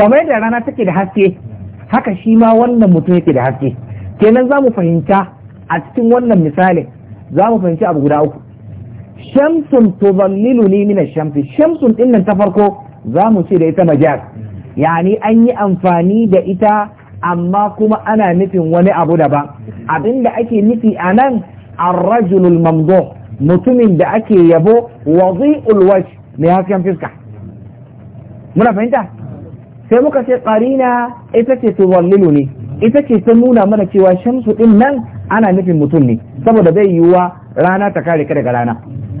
kamar da rana take da haske haka shi ma wannan mutum yake da haske kenan za mu fahimta a cikin wannan misalin za mu fahimci abu guda uku shamsun tuzallilu ni min shamsi shamsun din nan ta farko za mu ce da ita majaz yani an yi amfani da ita amma kuma ana nufin wani abu daban abinda ake nufi a nan al-rajulul mamdu. mutumin da ake yabo wazi'ul wajh mai hasken fiska muna fahimta sai muka ce ƙarina ita ce tuwallilu ne ita ce ta nuna mana cewa shamsu ɗin nan ana nufin mutum ne saboda bai yiwuwa rana ta kare ka daga rana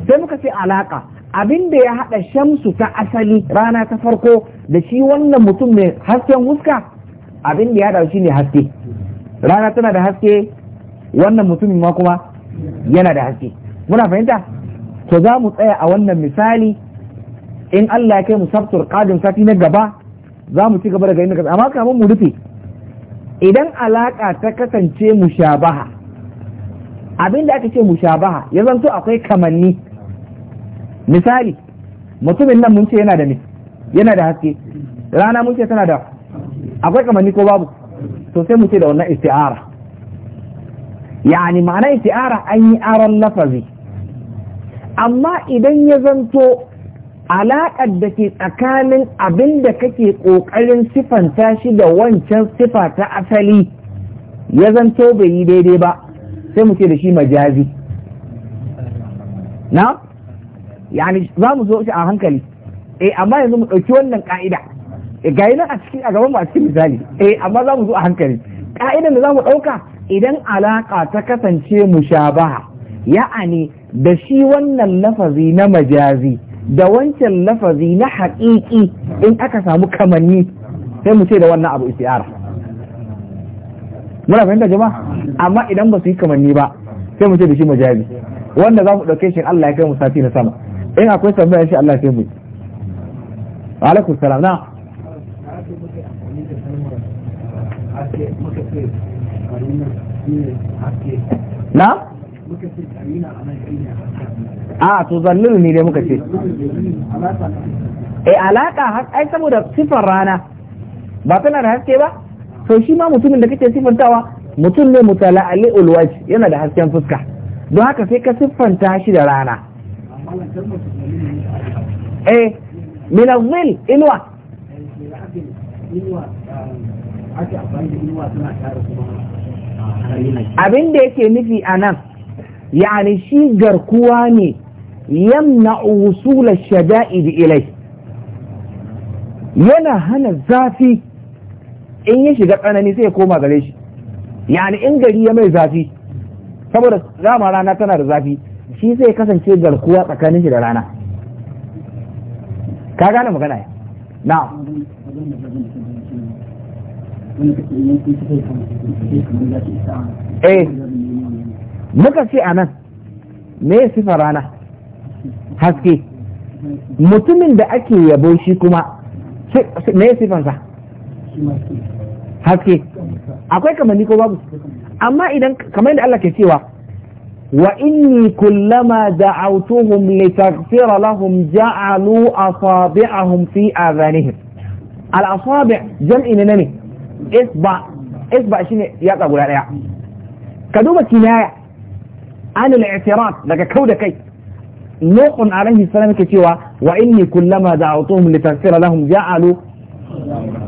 sai muka ce alaƙa abin da ya haɗa shamsu ta asali rana ta farko da shi wannan mutum mai hasken huska abin da ya haɗa shi ne haske rana tana da haske wannan mutumin ma kuma yana da haske muna fahimta to za mu tsaya a wannan misali in Allah ya kai mu sabtur qadin sati na gaba za mu ci gaba daga inda amma kamar mu rufe idan alaka ta kasance mushabaha abin da aka ce mushabaha ya zanto akwai kamanni misali mutumin nan mun ce yana da ne yana da haske rana mun ce tana da akwai kamanni ko babu to sai mu ce da wannan isti'ara yani ma'ana isti'ara an yi aron lafazi amma idan ya zanto alaƙar da ke tsakanin abin da kake ƙoƙarin siffanta shi da wancan sifa ta asali ya zanto bai yi daidai ba sai mu ce da shi majazi na yani za mu zo shi a hankali eh amma yanzu mu ɗauki wannan ƙa'ida eh ga nan a cikin a gaban mu a cikin misali eh amma za mu zo a hankali ƙa'idan da za mu ɗauka idan alaƙa ta kasance mushabaha ya'ani da shi wannan lafazi na majazi da wancan lafazi na haƙiƙi in aka samu kamanni sai mu ce da wannan abu isti'ara muna fahimta jama amma idan ba su yi kamanni ba sai mu ce da shi majazi wanda za mu ɗauke shi Allah ya kai mu sati na sama in akwai tambaya shi Allah sai mu wa alaikum salam na na a to zannin ne dai muka ce eh alaka ai saboda sifar rana ba tana da haske ba to shi ma mutumin da kake sifantawa mutum ne ali ulwaj yana da hasken fuska don haka sai ka siffanta shi da rana e min azil inwa abin da yake nufi a nan yani shi garkuwa ne yamna wusula shada'id ilai yana hana zafi in ya shiga tsanani sai koma gare shi yani in gari ya mai zafi saboda dama rana tana da zafi shi zai kasance garkuwa tsakanin shi da rana ka gane magana ya eh, muka ce a nan me sifa rana haske mutumin da ake yabo shi kuma me ya sifansa haske akwai kamanni ko babu amma idan kamar da Allah ke cewa wa inni kullama da'awtuhum litaghfira lahum ja'alu asabi'ahum fi adhanihim al asabi' jam'i ne ne isba isba shine yatsa guda daya ka duba kinaya an al i'tiraf daga da kai nuhun alaihi salam ke cewa wa inni kullama da'awtuhum litaghfira lahum ja'alu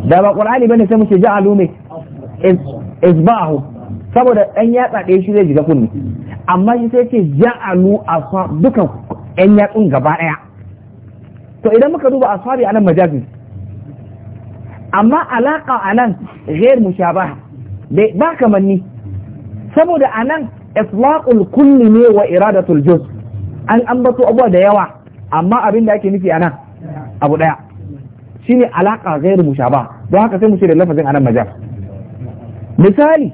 da ba qur'ani bane sai muke ja'alu ne isba'ahu. saboda ɗan yatsa ɗaya shi zai shiga kunni amma shi sai ce ja'alu a dukan ƴan yatsun gaba ɗaya to idan muka duba asfabi anan majazi amma alaka anan ghair mushabah ba kamanni saboda anan itlaqul kulli ne wa iradatul juz' an ambato abuwa da yawa amma abin da ake nufi a nan abu daya shi ne alaƙa gairu mushaba don haka sai mu da lafazin anan majal misali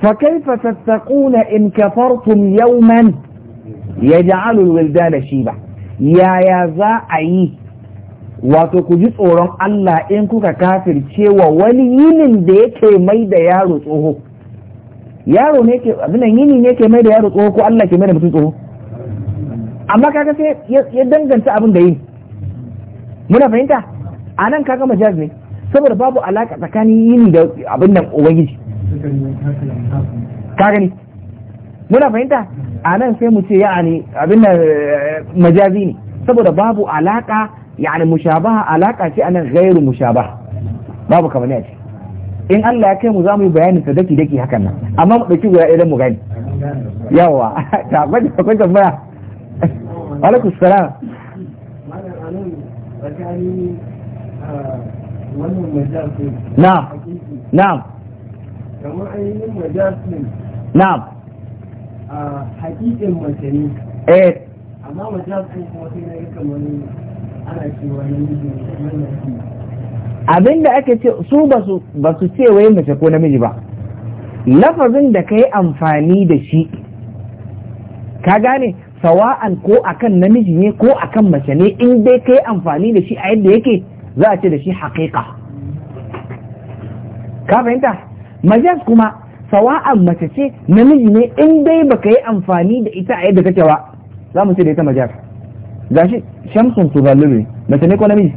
fa kaifa tattaquna in kafartum yawman yaj'alu al-wildana shiba yaya za a yi wato ku ji tsoron Allah in kuka kafirce wa wani yinin da yake mai da yaro tsoho yaro ne ke abinan yini ne ke mai da yaro tsoho ko Allah ke mai da mutum tsoho amma kaga sai ya danganta abin da yi muna fahimta a nan kaga majaz ne saboda babu alaka tsakanin yini da abin nan ubangiji ka gani muna fahimta a nan sai mu ce ya'ani abin nan eh, majazi ne saboda babu alaka ya'ani mushabaha alaka ce anan gairu mushabaha babu kamar ne a ce in Allah ya kai mu za mu yi bayanin ta daki daki hakan nan amma mu dauki guda idan mu gani yawa ta ta kwanta tambaya alaikum salam na'am na'am kamar ainihin majasin na'am a hakikin mutane eh amma majasin kuma sai na yi kamar ana cewa namiji ne abinda ake ce su ba su ce wai mace ko namiji ba lafazin da ka yi amfani da shi ka gane sawa'an ko akan namiji ne ko akan mace ne in dai ka yi amfani da shi a yadda yake za a ce da shi haƙiƙa ka fahimta majas kuma sawa'an mace ce namiji ne in dai baka yi amfani da ita a yadda kake ba za mu ce da ita majas gashi shamsun su mace ne ko namiji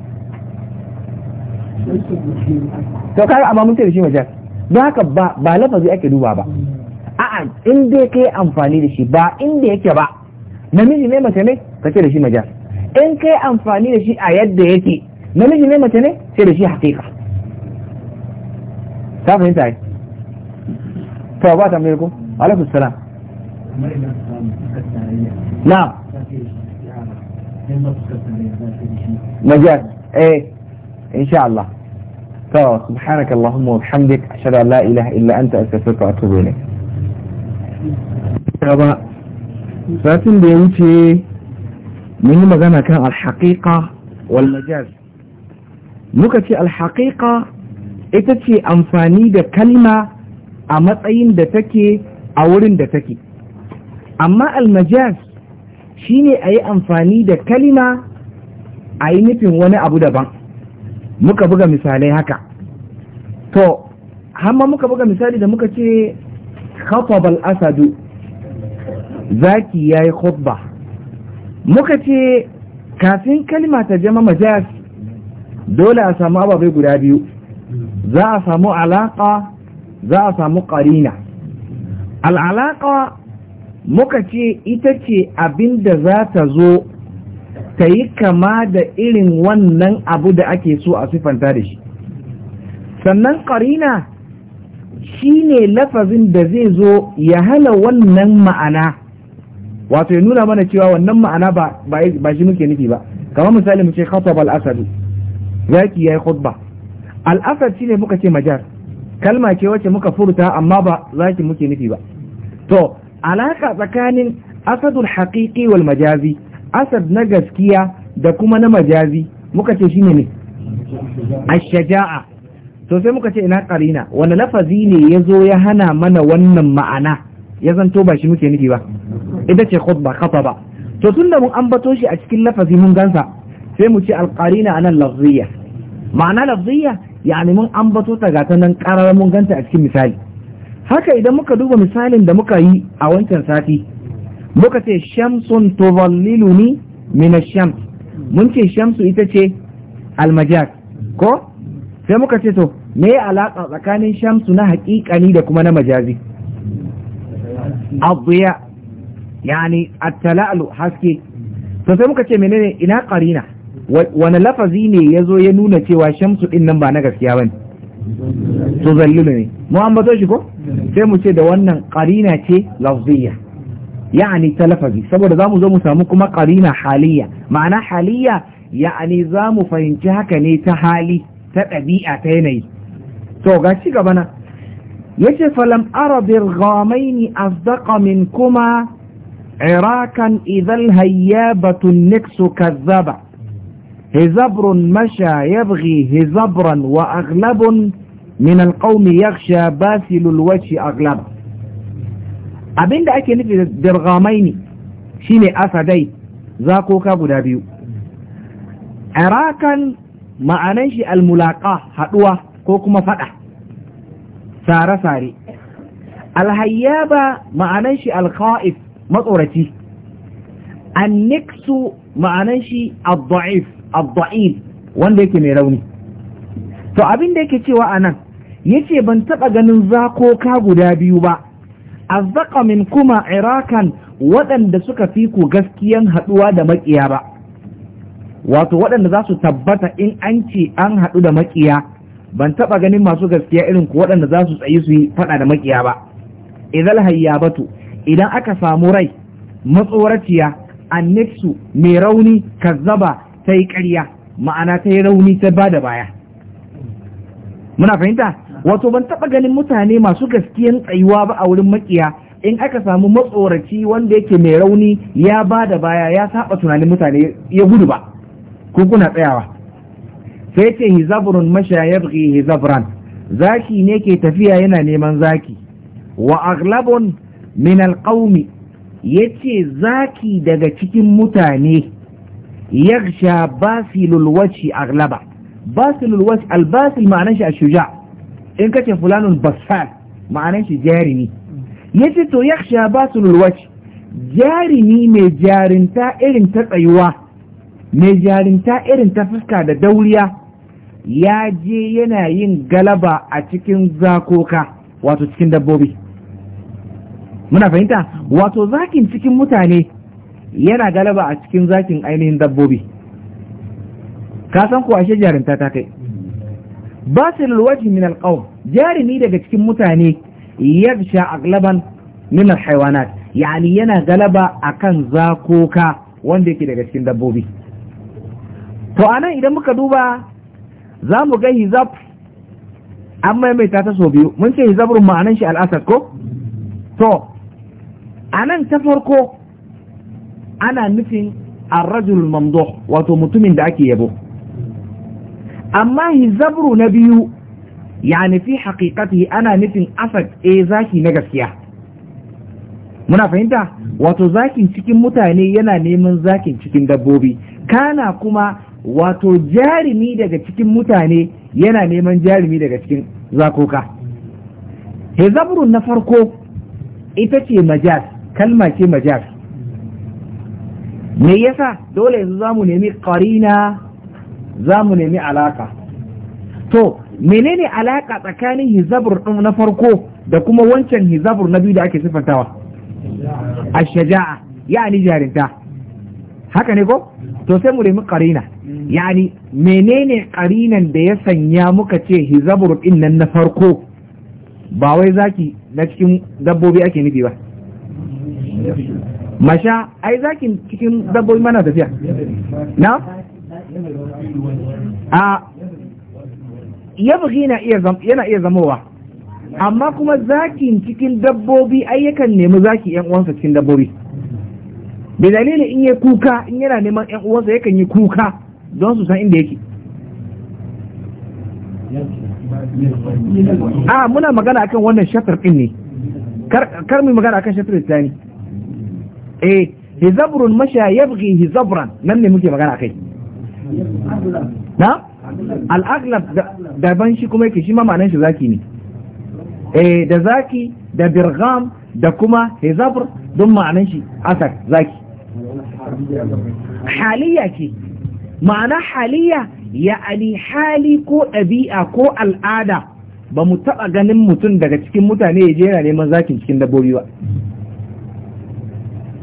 to kaga amma mun ce da shi majaz don haka ba ba lafazi ake duba ba a'a in dai kai amfani da shi ba inda yake ba namiji ne mace ne ka da shi majaz in kai amfani da shi a yadda yake namiji ne mace ne sai da shi haƙiƙa ta fahimta ai to ba ta ko alaikum salam na majaz eh insha Allah to subhanaka allahumma wa bihamdik ashhadu an la ilaha illa anta astaghfiruka wa atubu ilayk ba satin da ya wuce mun magana kan alhaqiqa wal majaz muka ce alhaqiqa ita ce amfani da kalima a matsayin da take a wurin da take amma almajaz shine a yi amfani da kalima a yi nufin wani abu daban muka buga misalai haka to hamma muka buga misali da muka ce khatabal asadu zaki yayi khutba muka ce kafin kalima ta jama majas dole a samu ababai guda biyu za a samu alaƙa za a samu ƙarina al'alaƙa muka ce ita ce abinda da za ta zo ta yi kama da irin wannan abu da ake so a sifanta da shi sannan ƙarina shi ne lafazin da zai zo ya hana wannan ma'ana wato ya nuna mana cewa wannan ma'ana ba shi muke nufi ba kamar misali mu ce khatab al-asad zaki yayi khutba al-asad shine muka ce majar kalma ce wacce muka furta amma ba zaki muke nufi ba to alaka tsakanin asadul haqiqi wal majazi asad na gaskiya da kuma na majazi muka ce shine ne ash to sai muka ce ina karina Wani lafazi ne ya zo ya hana mana wannan ma'ana ya zanto ba shi muke nufi ba ita ce khutba ba. to da mun ambato shi a cikin lafazi mun gansa sai mu ce alqarina anan lafziya ma'ana lafziya yani mun ambato ta gata nan karar mun ganta a cikin misali haka idan muka duba misalin da muka yi a wancan sati muka ce shamsun tuzalliluni min ash-shams mun ce shamsu ita ce almajaz ko sai muka ce to me ya alaka tsakanin shamsu na haƙiƙani da kuma na majazi abuya yani at-tala'lu haske to sai muka ce menene ina qarina wani lafazi ne ya zo ya nuna cewa shamsu din nan ba na gaskiya bane to zallilu ne mu an shi ko sai mu ce da wannan qarina ce lafziyya يعني تلفزي سبب ذا مو مسمو كما قرينا حاليا معنى حاليا يعني ذا مو فهمتي هكا ني تحالي تطبيعه تاني تو غشي غبنا يجي فلم ارى برغامين اصدق منكما عراكا اذا الهيابة النكس كذبة هزبر مشى يبغي هزبرا واغلب من القوم يغشى باسل الوجه اغلبه Abin da ake nufi da shi ne shine asadai zakoka guda biyu irakan ma'anan shi almulaka haduwa ko kuma fada sare-sare alhayyaba ma'anan shi alkha'if matsoraci anniksu ma'anan shi adda'if adda'in wanda yake mai rauni to abin da yake cewa a anan yace ban taɓa ganin zakoka guda biyu ba azzaka min kuma irakan waɗanda suka fi ku gaskiyan haɗuwa da maƙiya ba wato waɗanda za su tabbata in an ce an haɗu da maƙiya ban taɓa ganin masu gaskiya irin ku waɗanda za su tsayi su yi faɗa da makiya ba idan hayyabatu idan aka samu rai matsoraciya annifsu mai rauni kazzaba ta yi ƙarya ma'ana ta yi rauni ta ba da baya muna fahimta wato ban taɓa ganin mutane masu gaskiyan tsayuwa ba a wurin makiya in aka samu matsoraci wanda yake mai rauni ya ba da baya ya saba tunanin mutane ya gudu ba ko kuna tsayawa sai ce hizabrun masha yabghi hizabran zaki ne ke tafiya yana neman zaki wa aghlabun min ya yace zaki daga cikin mutane yaghsha basilul wajhi aghlaba basilul albasil ma'anar shi ashuja in kace fulanun basan ma'anar shi jarimi yace to yakhsha basul wajh jarimi mai jarinta irin ta tsayuwa mai jarinta irin ta fuska da dauriya ya je yana yin galaba a cikin zakoka wato cikin dabbobi muna fahimta wato zakin cikin mutane yana galaba a cikin zakin ainihin dabbobi ka san ko ashe jarinta ta kai basil alwajhi min alqawm ni daga cikin mutane sha aglaban min alhayawanat yani yana galaba a akan zakoka wanda yake daga cikin dabbobi to anan idan muka duba za mu ga hizab an maimaita ta sau biyu mun ce hizabrun ma'anan shi al'asar ko to anan ta farko ana nufin arrajul mamduh wato mutumin da ake yabo amma hizabru na biyu ya nufi haƙiƙati ana nufin asad e zaki na gaskiya muna fahimta wato zakin cikin mutane yana neman zakin cikin dabbobi kana kuma wato jarumi daga cikin mutane yana neman jarumi daga cikin zakoka hizabru na farko ita ce majas kalma ce majas me yasa dole yanzu za mu nemi karina za mu nemi alaka to menene alaka tsakanin hizabur ɗin na farko da kuma wancan hizabur na biyu da ake siffantawa a shaja'a yani jarinta haka ne ko to sai mu nemi karina yani menene karinan da ya sanya muka ce hizabur ɗin nan na farko ba wai zaki na cikin dabbobi ake nufi ba masha ai zakin cikin dabbobi mana tafiya na a yana iya zamowa amma kuma zakin cikin dabbobi ai yakan nemi zaki yan uwansa cikin dabbobi bi dalili in yi kuka in yana neman yan uwansa yakan yi kuka don su san inda yake a muna magana akan wannan shatar din ne kar mu magana akan shatar islami eh hizabrun masha yabghi hizabran nan ne muke magana akai na al'aglab daban shi kuma yake shi ma ma'anar shi zaki ne eh da zaki da birgham da kuma hezabr don ma'anar shi asar zaki haliya ke, ma'ana haliya ya ali hali ko ɗabi'a ko al'ada ba mu taɓa ganin mutum daga cikin mutane ya jera neman zakin cikin dabbobi ba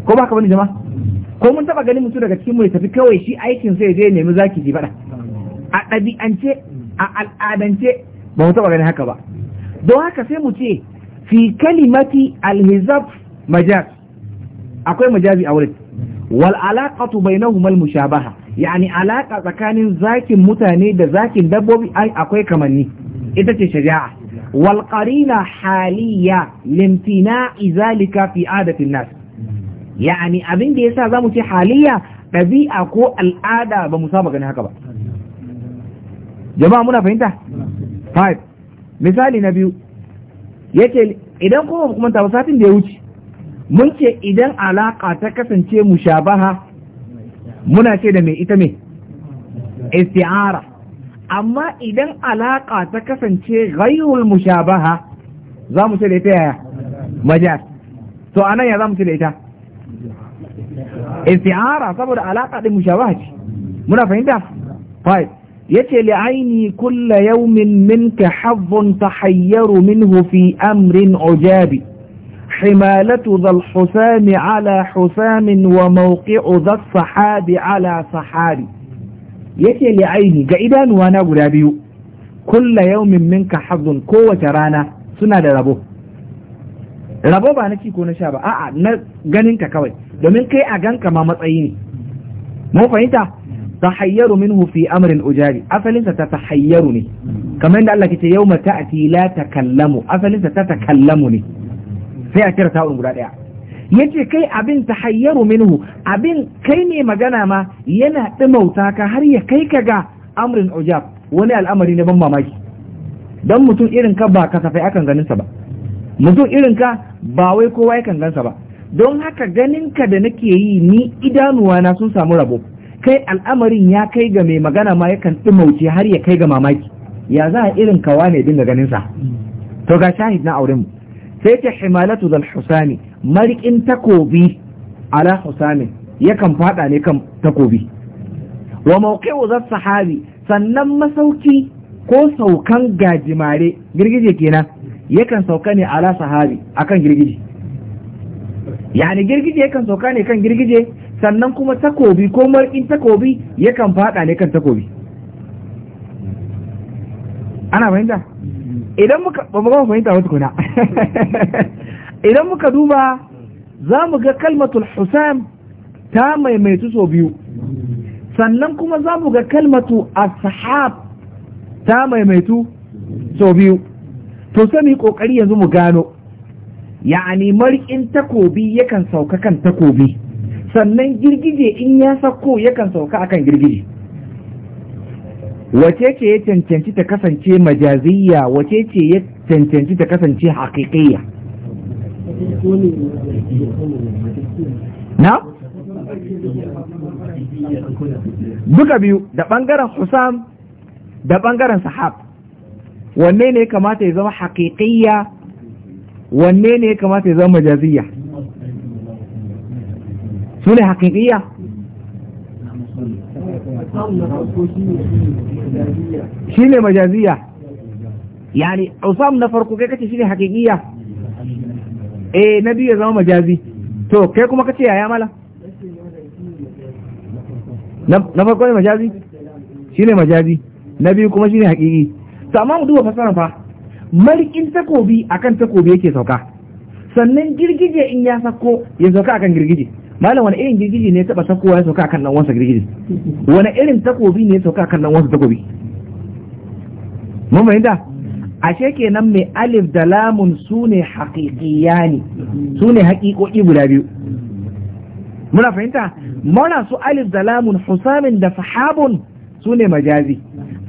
ko ba ka wani jama'a ko mun taba ganin mutum daga cikin mu ya tafi kawai shi aikin sai je nemi zaki ji fada a ɗabi'ance a al'adance ba mu taba ganin haka ba don haka sai mu ce fi kalimati alhizab majaz akwai majazi a wurin wal alaqatu bainahuma al mushabaha yani alaka tsakanin zakin mutane da zakin dabbobi ai akwai kamanni ita ce shaja'a wal qarina haliya limtina'i zalika fi adatin nas yani abin da yasa zamu ce haliya ɗabi'a ko al'ada ba mu saba gani haka ba jama'a muna fahimta five misali na biyu yake idan kuma kuma ta satin da ya wuce mun ce idan alaka ta kasance mushabaha muna ce da mai ita me? isti'ara amma idan alaka ta kasance ghayrul mushabaha za mu ce da ita yaya majaz to anan ya za mu ce da ita isti'ara saboda alaka din mushabaha ce muna fahimta fai yace li aini kulla yawmin minka hazzun tahayyaru minhu fi amrin ujabi حمالة ذا الحسام على حسام وموقع ذا الصحاب على صحاب yake li aini ga idanuwa na guda biyu kulla yaumin minka hazzun kowace rana suna da rabo rabo ba na ci ko na sha ba a'a na ganin ka kawai domin kai a ganka ma matsayi ne mu fahimta tahayyaru minhu fi amrin ujari asalin sa ta tahayyaru ne kamar yadda Allah kace yawma ta'ti la takallamu asalin sa ta takallamu ne sai a kira ta'un guda daya yace kai abin tahayyaru minhu abin kai ne magana ma yana dimauta ka har ya kai ka ga amrin ujab wani al'amari ne ban mamaki dan mutum irin ka ba kasafai akan ganin sa ba mutum irin ka ba wai kowa yakan gansa ba don haka ganin ka da nake yi ni idanuwa na sun samu rabo kai al'amarin ya kai ga mai magana ma yakan ɗumauce har ya kai ga mamaki ya za a irin kawa ne dinga ganin to ga shahid na auren mu sai ta himalatu zal husani marikin takobi ala husani yakan fada ne kan takobi wa mawqi'u zal sahabi sannan masauki ko saukan gajimare girgije kenan yakan sauka ne ala sahabi akan girgije yani girgije yakan sauka ne kan girgije sannan kuma takobi ko markin takobi yakan fada ne kan takobi ana fahimta idan muka ba mu fahimta wata kuna idan muka duba za mu ga kalmatul husam ta maimaitu sau biyu sannan kuma za mu ga kalmatu ashab ta maimaitu sau biyu to sai mu yi kokari yanzu mu gano ya'ani marƙin takobi yakan sauka kan takobi sannan girgije in ya sauko yakan sauka akan girgije wace ce ya cancanci ta kasance majaziyya wace ce ya cancanci ta kasance haƙiƙiyya na duka biyu da ɓangaren husam da ɓangaren sahab wanne ne kamata ya zama haƙiƙiyya wanne ne kamata ya zama majaziya su ne haƙiƙiyya shi ne majaziya yani usam na farko kai kace shi ne haƙiƙiyya eh na biyu ya zama majazi to kai kuma kace yaya mala na farko ne majazi shi ne majazi na biyu kuma shi ne haƙiƙi to amma mu duba fasaran fa malikin takobi akan takobi yake sauka sannan girgije in ya sako ya sauka akan girgije malam wani irin girgije ne ya taba sakowa ya sauka akan nan wansa girgije wani irin takobi ne ya sauka akan nan wansa takobi mun fahimta ashe kenan mai alif da lamun su ne sune su ne haƙiƙoƙi guda biyu muna fahimta mana su alif da lamun husamin da sahabun su ne majazi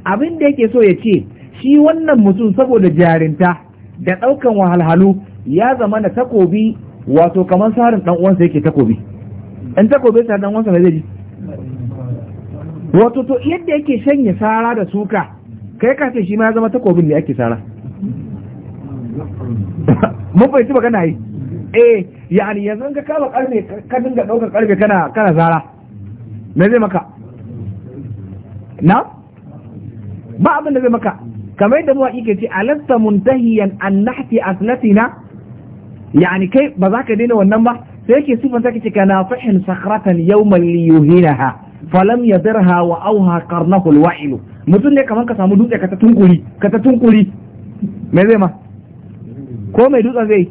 abin da yake so ya ce shi wannan mutum saboda jarinta da ɗaukan wahalhalu ya zama da takobi wato kamar sarin ɗan uwansa yake takobi in takobi sa ɗan uwansa zai ji wato to yadda yake shanye sara da suka kai ka ce shi ma ya zama takobin da yake sara mun fahimci ba kana yi eh yani yanzu ka kama karfe ka dinga ɗaukar karfe kana kana sara me zai maka na ba abin da zai maka kamar yadda mawaƙi ke ce alasta muntahiyan an nahti aslatina yani kai ba za ka daina wannan ba sai yake sifan take ce kana fahin sakratan yawman liyuhinaha falam yadirha wa auha qarnahu alwa'il mutum ne kamar ka samu dutse ka ta tunkuri ka ta tunkuri me zai ma ko mai dutsen zai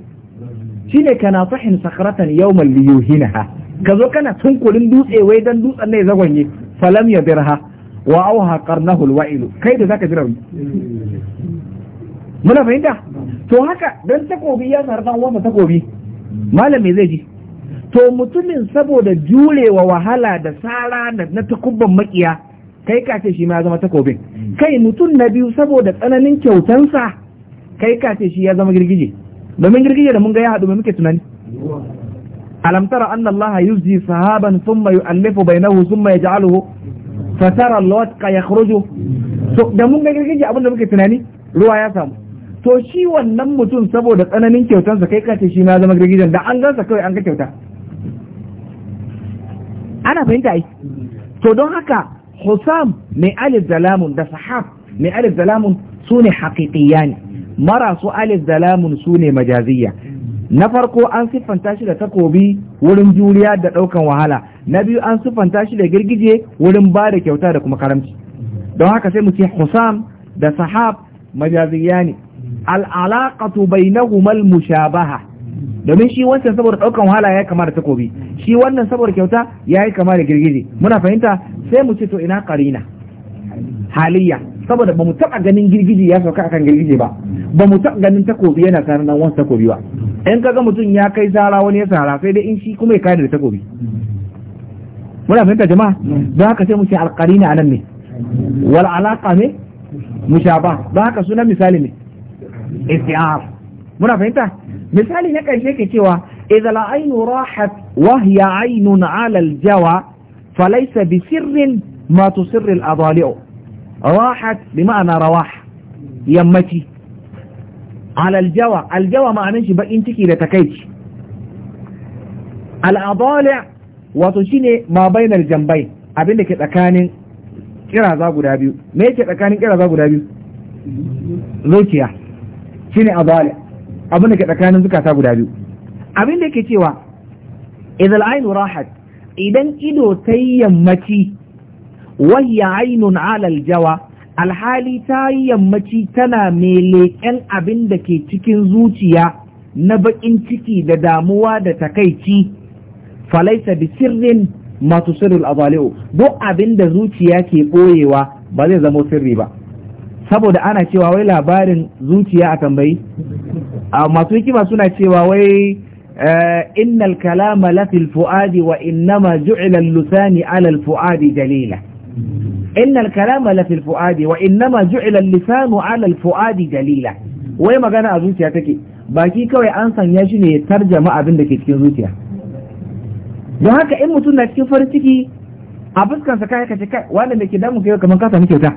shine kana fahin sakratan yawman liyuhinaha ka zo kana tunkurin dutse wai dan dutsen ne zagwanye falam yadirha wa auha qarnahu alwa'il kai da zaka ji rauni muna fahimta to haka dan takobi ya sarfa wanda takobi malami zai ji to mutumin saboda jurewa wahala da sara na takubban makiya kai ka ce shi ma zama takobin kai mutum na biyu saboda tsananin kyautansa kai ka ce shi ya zama girgije domin girgije da mun ga ya haɗu mai muke tunani alam tara anna allaha yuzji sahaban thumma yu'allifu bainahu thumma yaj'aluhu fasara lot ka ya kurojo so da mun ga abin muke tunani ruwa ya samu to shi wannan mutum saboda tsananin kyautansa kai kace shi ma zama girgijen da an gansa kawai an ga kyauta ana fahimta ai to don haka Husam mai alif da lamun da sahab mai alif da su ne haƙiƙiya ne marasu alif da su ne majaziyya na farko an siffanta shi da takobi wurin juriya da ɗaukan wahala na biyu an siffanta shi da girgije wurin ba da kyauta da kuma karamci don haka sai mu ce husam da sahab majaziya ne al'alaƙatu bai na humal mushabaha domin shi wancan saboda ɗaukan wahala ya kama da takobi shi wannan saboda kyauta ya yi kama da girgije muna fahimta sai mu ce to ina karina haliya saboda ba mu taɓa ganin girgije ya sauka akan girgije ba ba mu taɓa ganin takobi yana sarar nan wasu takobi ba in kaga mutum ya kai sara wani ya sara sai dai in shi kuma ya kare da takobi muna fahimta jama'a don haka sai mu ce alqarina anan ne wal alaqa ne mushaba don haka sunan misali ne isti'ar muna fahimta misali na karshe ke cewa idza la aynu rahat wa hiya aynun ala al jawa falaysa bi sirrin ma tusirru al adali'u راحت بمعنى رواح يمتي على الجوى الجوى معناه بقين تكي لتكيت الأضالع wato shine ma bainar jambai abinda ke tsakanin kiraza guda biyu me yake tsakanin kiraza guda biyu zuciya shine azali abin da ke tsakanin zukata guda biyu abin da ke cewa idal ainu rahat idan ido ta yi yammaci wahiya ainun alal jawa alhali ta yi yammaci tana mai leƙen abin da ke cikin zuciya na baƙin ciki da damuwa da takaici falaisa bi sirrin masu sirrul azali'u duk abin da zuciya ke boyewa ba zai zama sirri ba saboda ana cewa wai labarin zuciya a tambayi masu hikima suna cewa wai eh, innal kalama lafil fuadi wa innama ju'ila lusani ala fuadi dalila innal kalama lafil fuadi wa innama ju'ila lisanu ala fuadi dalila wai magana a zuciya take baki kawai an sanya shi ne ya tarjama abin da ke cikin zuciya don haka in mutum na cikin farin ciki a fuskansa kai ka ce kai wanda da ke damu kai kamar ka samu kyauta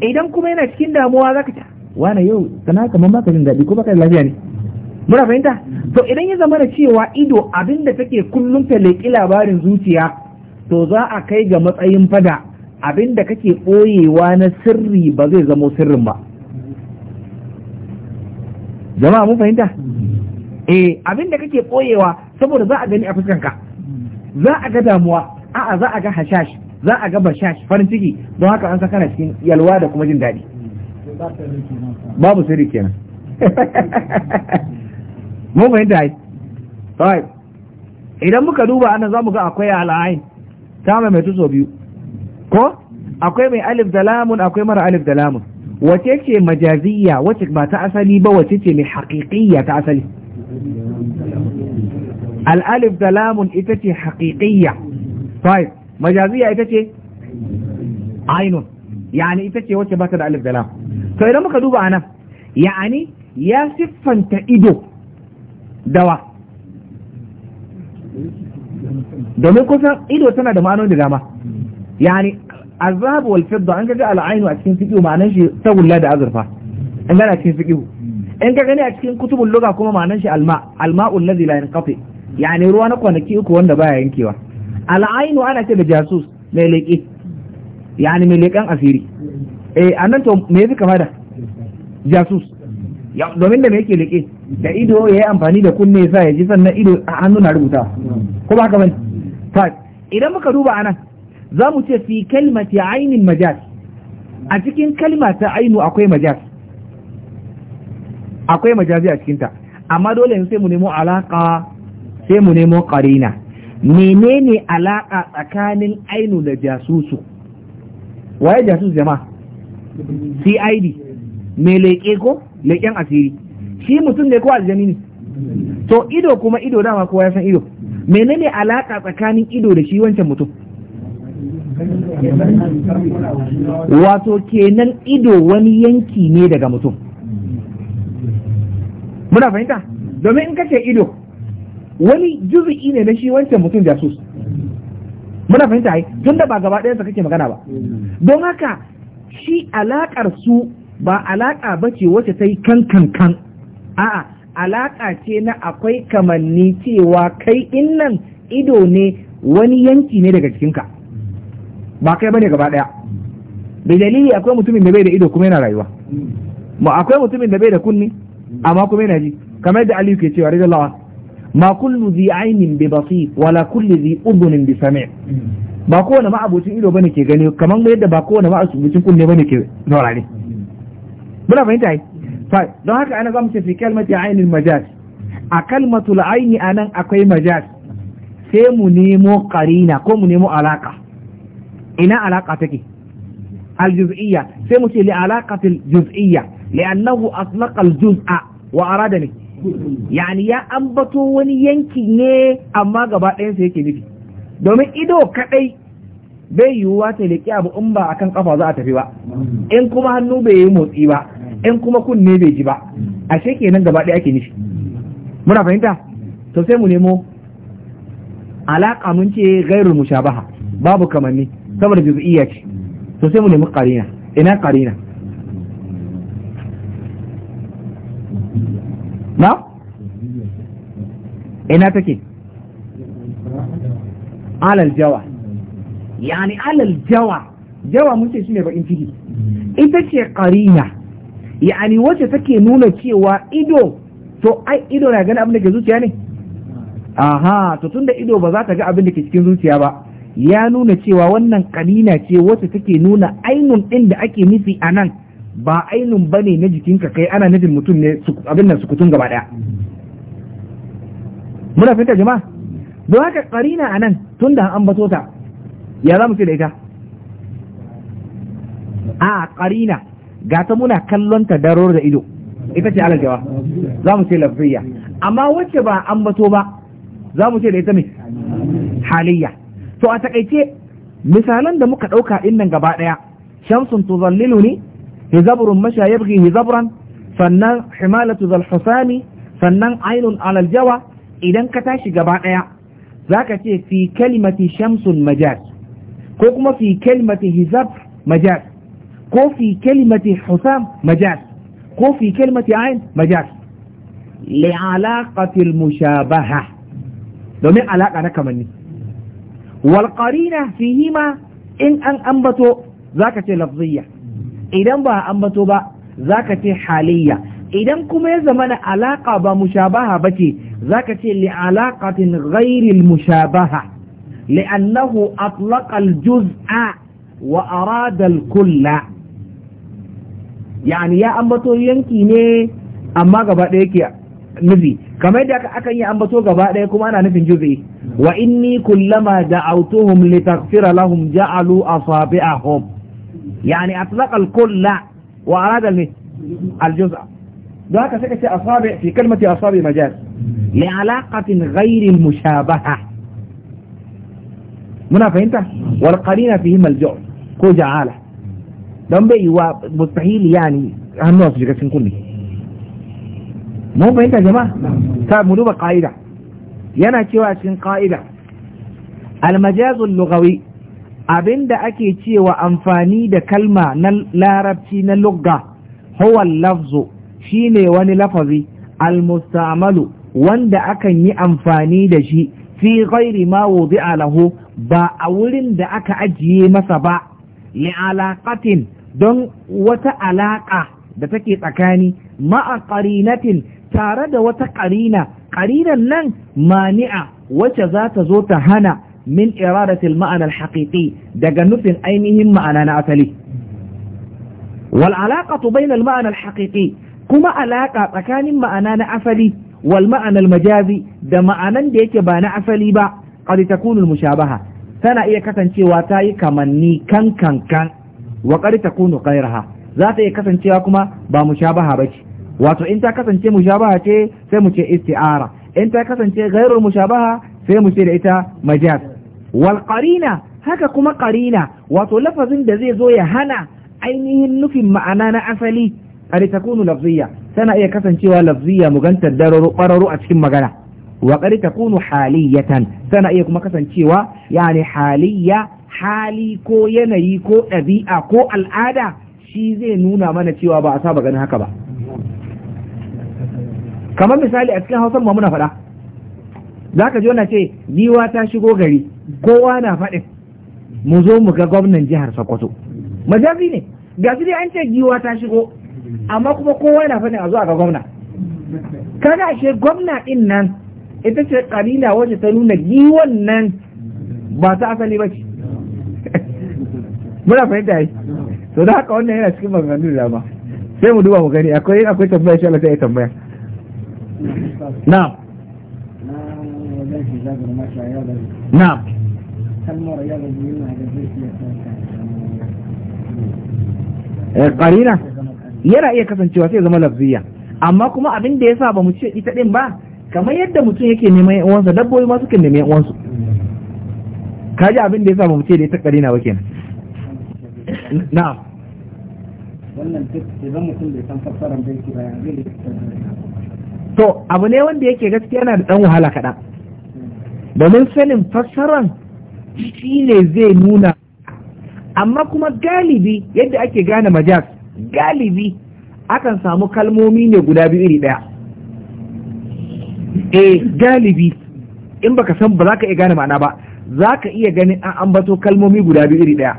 idan kuma yana cikin damuwa za ka ce wani yau sana kamar maka jin daɗi ko baka da lafiya ne muna fahimta to idan ya zama da cewa ido abinda take kullum ta leƙi labarin zuciya to za a kai ga matsayin fada abinda kake ɓoyewa na sirri ba zai zamo sirrin ba jama'a mun fahimta eh abinda kake ɓoyewa saboda za a gani a fuskanka za a ga damuwa a'a za a ga hashash za a ga bashash farin ciki don haka an saka cikin yalwa da kuma jin daɗi babu sirri kenan mun fahimta ai right idan muka duba anan zamu ga akwai al'ain ta mai mai tuso biyu ko akwai mai alif da lamun akwai mara alif da lamun wace ce majaziyya wace ba ta asali ba wace ce mai haƙiƙiyya ta asali الالف سلام اتتي حقيقية طيب مجازية اتتي عين يعني اتتي وش باتد الالف سلام طيب لما قدوب انا يعني يا سفا تئدو دوا دمي قصة ايدو سنة دمانو اندي داما يعني الذهب والفضة عندك جاء العين واتكين فيكيو معنى شي تقول لا دا اذرفا عندك جاء العين واتكين فيكيو انك جاء كتب اللغة كما معنى شي الماء الماء الذي لا ينقطئ yani ruwa na kwanaki uku wanda baya yankewa al'ainu ana ce da jasus mai leƙe yani mai leƙen asiri eh annan to me yafi kama da jasus domin da me yake leƙe da ido ya yi amfani da kunne sa ya ji sannan ido a hannu na rubuta ko ba ka bane idan muka duba anan za mu ce fi kalmati ainin majas a cikin kalma ta ainu akwai majas akwai majazi a cikinta amma dole sai mu nemo alaka sai mu nemo karina menene alaka tsakanin ainu da jasusu waye jasus jama'a cid mai leƙe ko leƙen asiri shi mutum ne ko aljami ne to ido kuma ido dama kowa ya san ido menene alaka tsakanin ido da shi wancan mutum wato kenan ido wani yanki ne daga mutum muna fahimta domin in kace ido wani juzu'i ne na shi wancan mutum jasus muna fahimta ai tun da ba gaba ɗaya sa kake magana ba don haka shi alakar su ba alaka ba ce wacce ta yi kan kan kan a'a alaka ce na akwai kamanni cewa kai innan ido ne wani yanki ne daga jikinka ba kai bane gaba ɗaya da dalili akwai mutumin da bai da ido kuma yana rayuwa ma akwai mutumin da bai da kunni amma kuma yana ji kamar da Aliyu ke cewa radiyallahu ma kullu zi ainin bi basi wala kullu zi udunin bi sami ba kowane ma'abocin ido bane ke gani kamar yadda ba kowane ma'abocin kunne bane ke saurare muna fahimta yi don haka ana mu ce fi kalmati ainin majaz a kalmatul aini anan akwai majaz sai mu nemo karina ko mu nemo alaka ina alaka take aljuz'iyya sai mu ce li alaqatil juz'iyya annahu atlaqa aljuz'a wa aradani ne yani ya ambato wani yanki ne amma gaba ɗayansa yake nufi domin ido kaɗai bai yiwuwa ta leƙi abu in ba akan kafa za a tafi ba in kuma hannu bai yi motsi ba in kuma kunne bai ji ba ashe nan gaba ɗaya ake nufi muna fahimta to sai mu nemo alaƙa mun ce gairul mushabaha babu kamanni saboda juz'iyya ce to sai mu nemi qarina ina qarina na ina take alal jawa yani alal jawa jawa mun ce shine bakin ciki ita ce qarina yani wacce take nuna cewa ido to ai ido na gani abin da ke zuciya ne aha to tunda ido ba za ta ga abin da ke cikin zuciya ba ya nuna cewa wannan qarina ce wacce take nuna ainun din da ake nufi a nan ba ainun bane na jikinka kai ana nufin mutum ne abin nan sukutun gaba daya muna fita jama'a don haka ƙarina a nan tun da an bato ta ya za mu ce da ita a ƙarina. ga ta muna kallon ta daror da ido ita ce alajawa za mu ce lafiya amma wacce ba an bato ba za mu ce da ita mai. halayya to a taƙaice misalan da muka ɗauka ɗin nan gaba ɗaya shamsun tuzallilu ne hizabrun masha yabghi hizabran sannan himalatu zal husami sannan ainun alal jawa idan ka tashi gaba daya zaka ce fi kalimati shamsun majaz ko kuma fi kalimati hizab majaz ko fi kalimati husam majaz ko fi kalimati ain majaz li alaqati al mushabaha domin alaƙa na kamanni wal qarina fihima in an ambato zaka ce lafziyya idan ba ambato ba zaka ce haliyya idan kuma ya zama na alaƙa ba mushabaha ba ce zaka ce li alaqatin ghairil mushabaha li'annahu atlaqa juza wa arada kulla yani ya ambato yanki ne amma gaba ɗaya ke nufi kamar yadda akan yi ambato gaba ɗaya kuma ana nufin juzi wa inni kullama da'awtuhum litaghfira lahum ja'alu asabi'ahum يعني اطلق الكل واراد الجزء ذاك فئه اصابع في كلمه اصابع مجاز لعلاقه غير المشابهه منا فهمت والقرينه فيهم الجوع كو جعالة دمبي مستحيل يعني هم ناس جكسين كله مو فهمت يا جماعة طيب مدوبة قائدة ينا كيوا عشان قاعده المجاز اللغوي Abin da ake cewa amfani da kalma na larabci na lugga huwa lafzo shine wani lafazi almustamalu wanda akan yi amfani da shi fi ghairi ma wudi'a lahu ba a wurin da aka ajiye masa ba li alaqatin don wata alaƙa da take tsakani ma'a ƙarinatin tare da wata ƙarina ƙarinan nan mani'a wacce za ta zo ta hana min iradatil ma'ana al-haqiqi daga nufin ainihin ma'ana na asali wal alaqatu bayna ma'anar haƙiƙi, kuma alaƙa tsakanin ma'ana na asali wal ma'ana majazi da ma'anan da yake ba na asali ba qad takunu tana iya kasancewa ta yi kamanni kan kan wa qad takunu ghayraha iya kasancewa kuma ba mushabaha bace wato in ta kasance mushabaha ce sai mu ce isti'ara in ta kasance ghairul mushabaha sai mu ce da ita majaz Walƙarina haka kuma ƙarina, wato lafazin da zai zo ya hana ainihin nufin ma'ana na asali a takunu lafziya tana iya kasancewa lafziya mugantar dararo ƙwararru a cikin magana wa ƙari takunu haliyatan tana iya kuma kasancewa yani haliya hali ko yanayi ko ɗabi'a ko al'ada shi zai nuna mana cewa ba a saba ganin haka ba kamar misali a cikin hausa ma muna faɗa za ka ji wannan ce giwa ta shigo gari kowa na faɗin mu zo mu ga gwamnan jihar Sokoto majazi ne ga su dai an ce giwa ta shigo amma kuma kowa na faɗin a zuwa ga gwamna kaga ashe gwamna din nan ita ce kalila wacce ta nuna giwan nan ba ta asali ba ce muna fahimta yi to da haka wannan yana cikin maganganu da dama sai mu duba mu gani akwai akwai tambaya shi Allah sai ya tambaya na na kalmar ya gaji yana da zai iya karina eh, yana iya kasancewa sai zama lafziya amma kuma abin da sa ba mu ce ita din ba kamar yadda mutum yake neman yan uwansa dabbobi ma suke neman yan uwansu kaji abin da sa ba mu ce da ita ƙarina ba kenan na'am wannan duk idan mutum bai san fassarar da yake ba yanzu ne to abu ne wanda yake gaskiya yana da dan wahala kaɗan domin sanin fassaran shi ne zai nuna amma kuma galibi yadda ake gane majas galibi akan samu kalmomi ne guda biyu iri daya eh galibi in baka san ba za ka iya gane ma'ana ba za ka iya ganin an ambato kalmomi guda biyu iri daya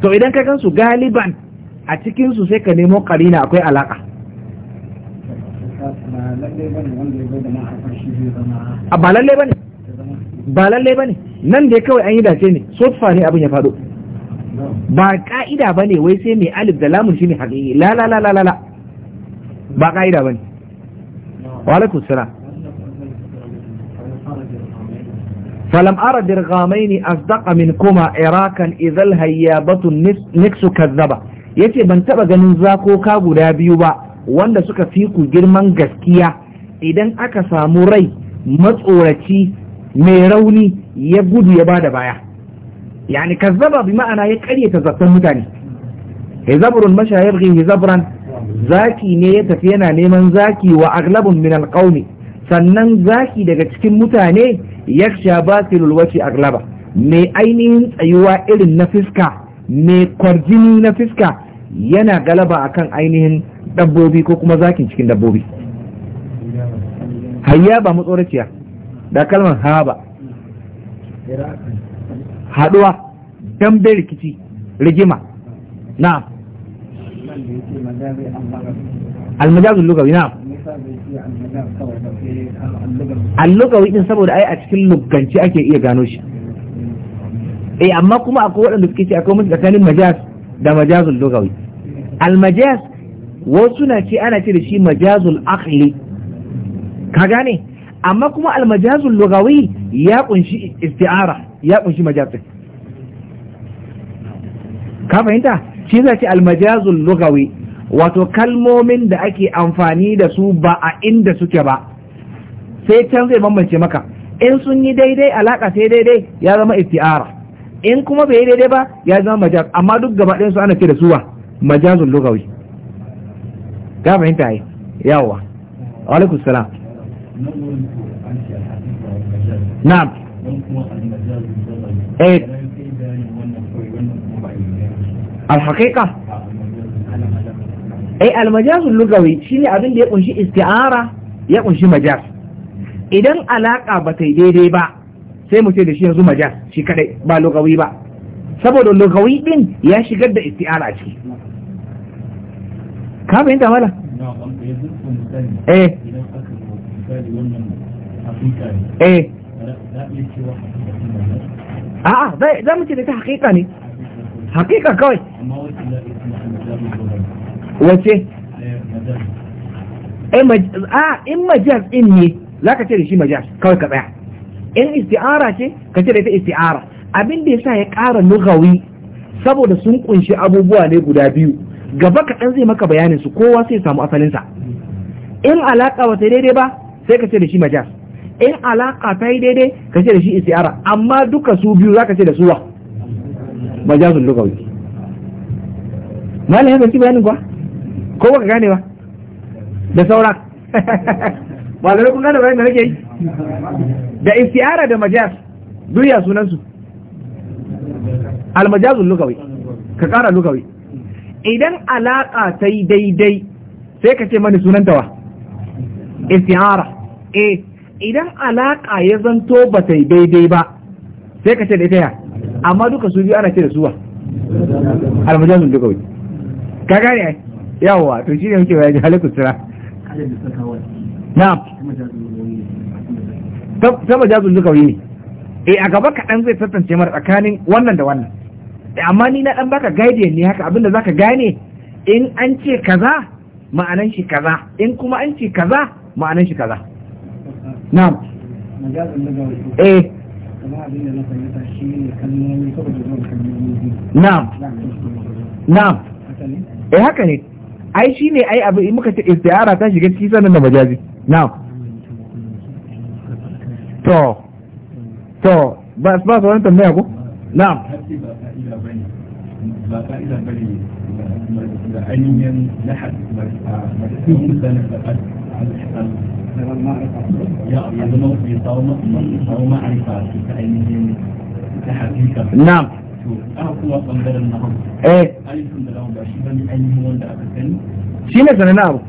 to idan ka gansu galiban a cikinsu sai ka nemo karina akwai alaka ba lallai ba ne nan dai kawai an yi dace ne sotfa ne abin ya faɗo ba ka'ida ba ne wai sai mai alif da lamun shi ne haƙiƙi la la la la la ba ka'ida ba ne wa alaikum salam falam ara dirghamaini asdaqa min kuma irakan idhal hayyabatu niksu kazzaba ce ban taɓa ganin zakoka guda biyu ba wanda suka fi ku girman gaskiya idan aka samu rai matsoraci mai rauni ya gudu ya bada baya yani kazzaba bi ma'ana ya karyata zaton mutane hizabrun masha yabghi hizabran zaki ne ya tafi yana neman zaki wa aglabun min alqawmi sannan zaki daga cikin mutane ya sha basilul waci aglaba mai ainihin tsayuwa irin na fiska mai kwarjini na fiska yana galaba akan ainihin dabbobi ko kuma zakin cikin dabbobi hayya ba mu matsoraciya da kalmar haba haduwa dambe rikici rigima na almajazul lugawi na allugawi din saboda ai a cikin luganci ake iya gano shi eh amma kuma akwai waɗanda suke ce akwai mutu tsakanin majaz da majazul lugawi almajaz wasu na ce ana ce da shi majazul akhli ka gane amma kuma almajazul lugawi ya kunshi isti'ara ya kunshi majazin ka fahimta shi zai ce almajazul lugawi wato kalmomin da ake amfani da su ba a inda suke ba sai can zai bambance maka in sun yi daidai alaka sai daidai ya zama isti'ara in kuma bai yi daidai ba ya zama majaz amma duk gaba ɗayan su ana ce da su ba majazul lugawi ka fahimta yi yawa wa alaikum salam na'am eh alhaqiqa eh almajaz lugawi shine abin da ya kunshi isti'ara ya kunshi majaz idan alaka ba ta yi daidai ba sai mu ce da shi yanzu majaz shi kadai ba lugawi ba saboda lugawi din ya shigar da isti'ara a ciki ka fahimta mala eh eh a'a za mu ce da ta haƙiƙa ne haƙiƙa kawai wace eh, eh, a in majas in ne za ka ce da shi majas kawai ka tsaya in isti'ara ce ka ce da ita isti'ara abin da sa ya ƙara lugawi saboda sun kunshi abubuwa ne guda biyu gaba kaɗan zai maka bayanin su kowa sai samu asalinsa in alaƙa ba ta daidai ba sai ka ce da shi majas in alaka ta yi daidai ka ce da shi istiara amma duka su biyu za ka ce da su wa majazun lugawi malam ya zanci bayanin kuwa ko baka gane ba da saura ba da kun gane bayanin da nake yi da istiara da majas duniya sunansu almajazun lukawi, ka kara lukawi. idan alaka ta yi daidai sai ka ce mani sunanta wa istiara eh idan alaƙa ya zanto ba ta yi daidai ba sai ka ce da ita ya amma duka su biyu ana ce da suwa sun duka wuce ka gane yawa to shi ne muke bayani halin kutura na ta majazun duka ne. eh a gaba kaɗan zai tattance mara tsakanin wannan da wannan eh, amma ni na ɗan baka guardian ne haka abinda zaka gane in an ce kaza ma'anan shi kaza in kuma an ce kaza ma'anan shi kaza na'am eh na'am na'am eh haka ne ai shi ne ai abu in muka ce istiyara ta shiga cikin sanin da majazi na'am to to ba ba wani tambaya ko na'am ba bane ainihin na'am eh. shi ne sanin abu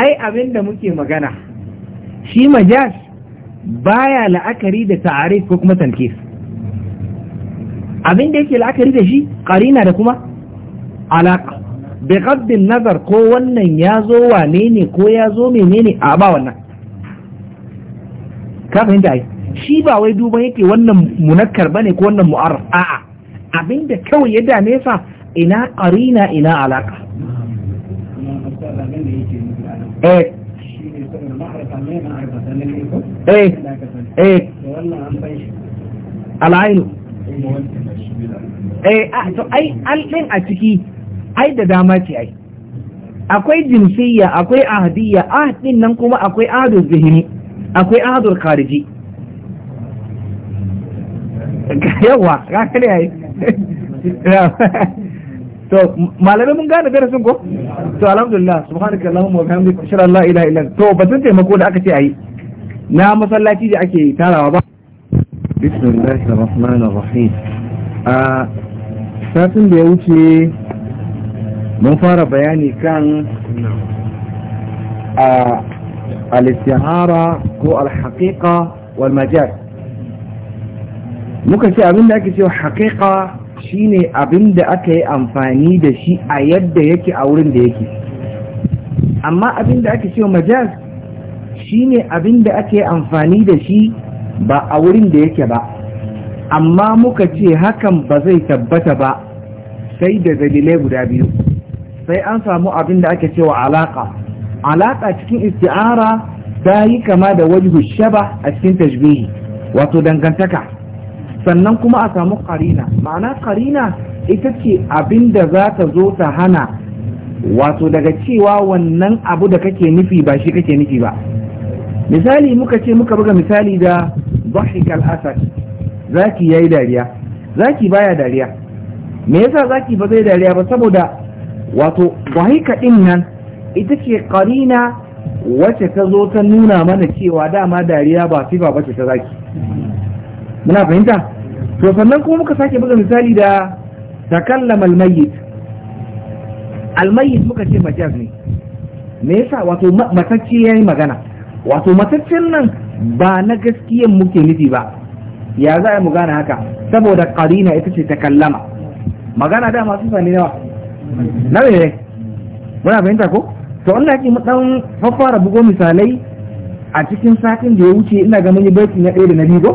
ai abin da muke magana shi majas baya la'akari da ta'arif ko kuma tankis abin da yake la'akari da shi karina da kuma alaka bi nazar ko wannan ya zo wane ne ko ya zo menene a ba wannan ka fahimta ai shi ba wai duba yake wannan munakkar bane ko wannan mu'arraf a'a abinda kawai ya dame sa ina qarina ina alaka eh eh eh eh eh to eh eh eh a ciki ai da dama ce ai akwai jinsiyya akwai ahadiyya ahad nan kuma akwai ahadul zahiri akwai ahadul kariji yawa ga ne ai to malamai mun gane darasin ko to alhamdulillah subhanaka allahumma wa bihamdika ashhadu an la ilaha illa anta to batun taimako da aka ce ayi na masallaci da ake tarawa ba bismillahir rahmanir rahim a ah, satin da ya wuce mun fara bayani kan al-istihara ko alhaƙiƙa haqiqa muka ce abinda ake cewa haƙiƙa shine abinda aka yi amfani da shi a yadda yake a wurin da yake amma abinda ake cewa majaz shine abinda aka yi amfani da shi ba a wurin da yake ba amma muka ce hakan ba zai tabbata ba sai da dalilai guda biyu sai an samu abin da ake cewa alaka alaka cikin isti'ara ta yi kama da wajhu shaba a cikin tashbihi. wato dangantaka sannan kuma a samu karina ma'ana karina ita ce abin da za ta zo ta hana wato daga cewa wannan abu da kake nufi ba shi kake nufi ba misali muka ce muka buga misali da dhahik al-asad zaki yayi dariya zaki baya dariya me yasa zaki ba zai dariya ba saboda wato bahaika ɗin nan ita ce ƙarina wacce ta zo ta nuna mana cewa dama dariya ba ba bace ta zaki muna fahimta to sannan kuma muka sake buga misali da takallama almayyit almayyit muka ce majaz ne me yasa wato matacce yayi magana wato matacce nan ba na gaskiyan muke nufi ba ya za mu gane haka saboda ƙarina ita ce takallama magana dama sifa ne nawa na ne muna fahimta ko to Allah ya mu dan fara bugo misalai a cikin satin da ya wuce ina ga mun barci baiti na ɗaya da na biyu ko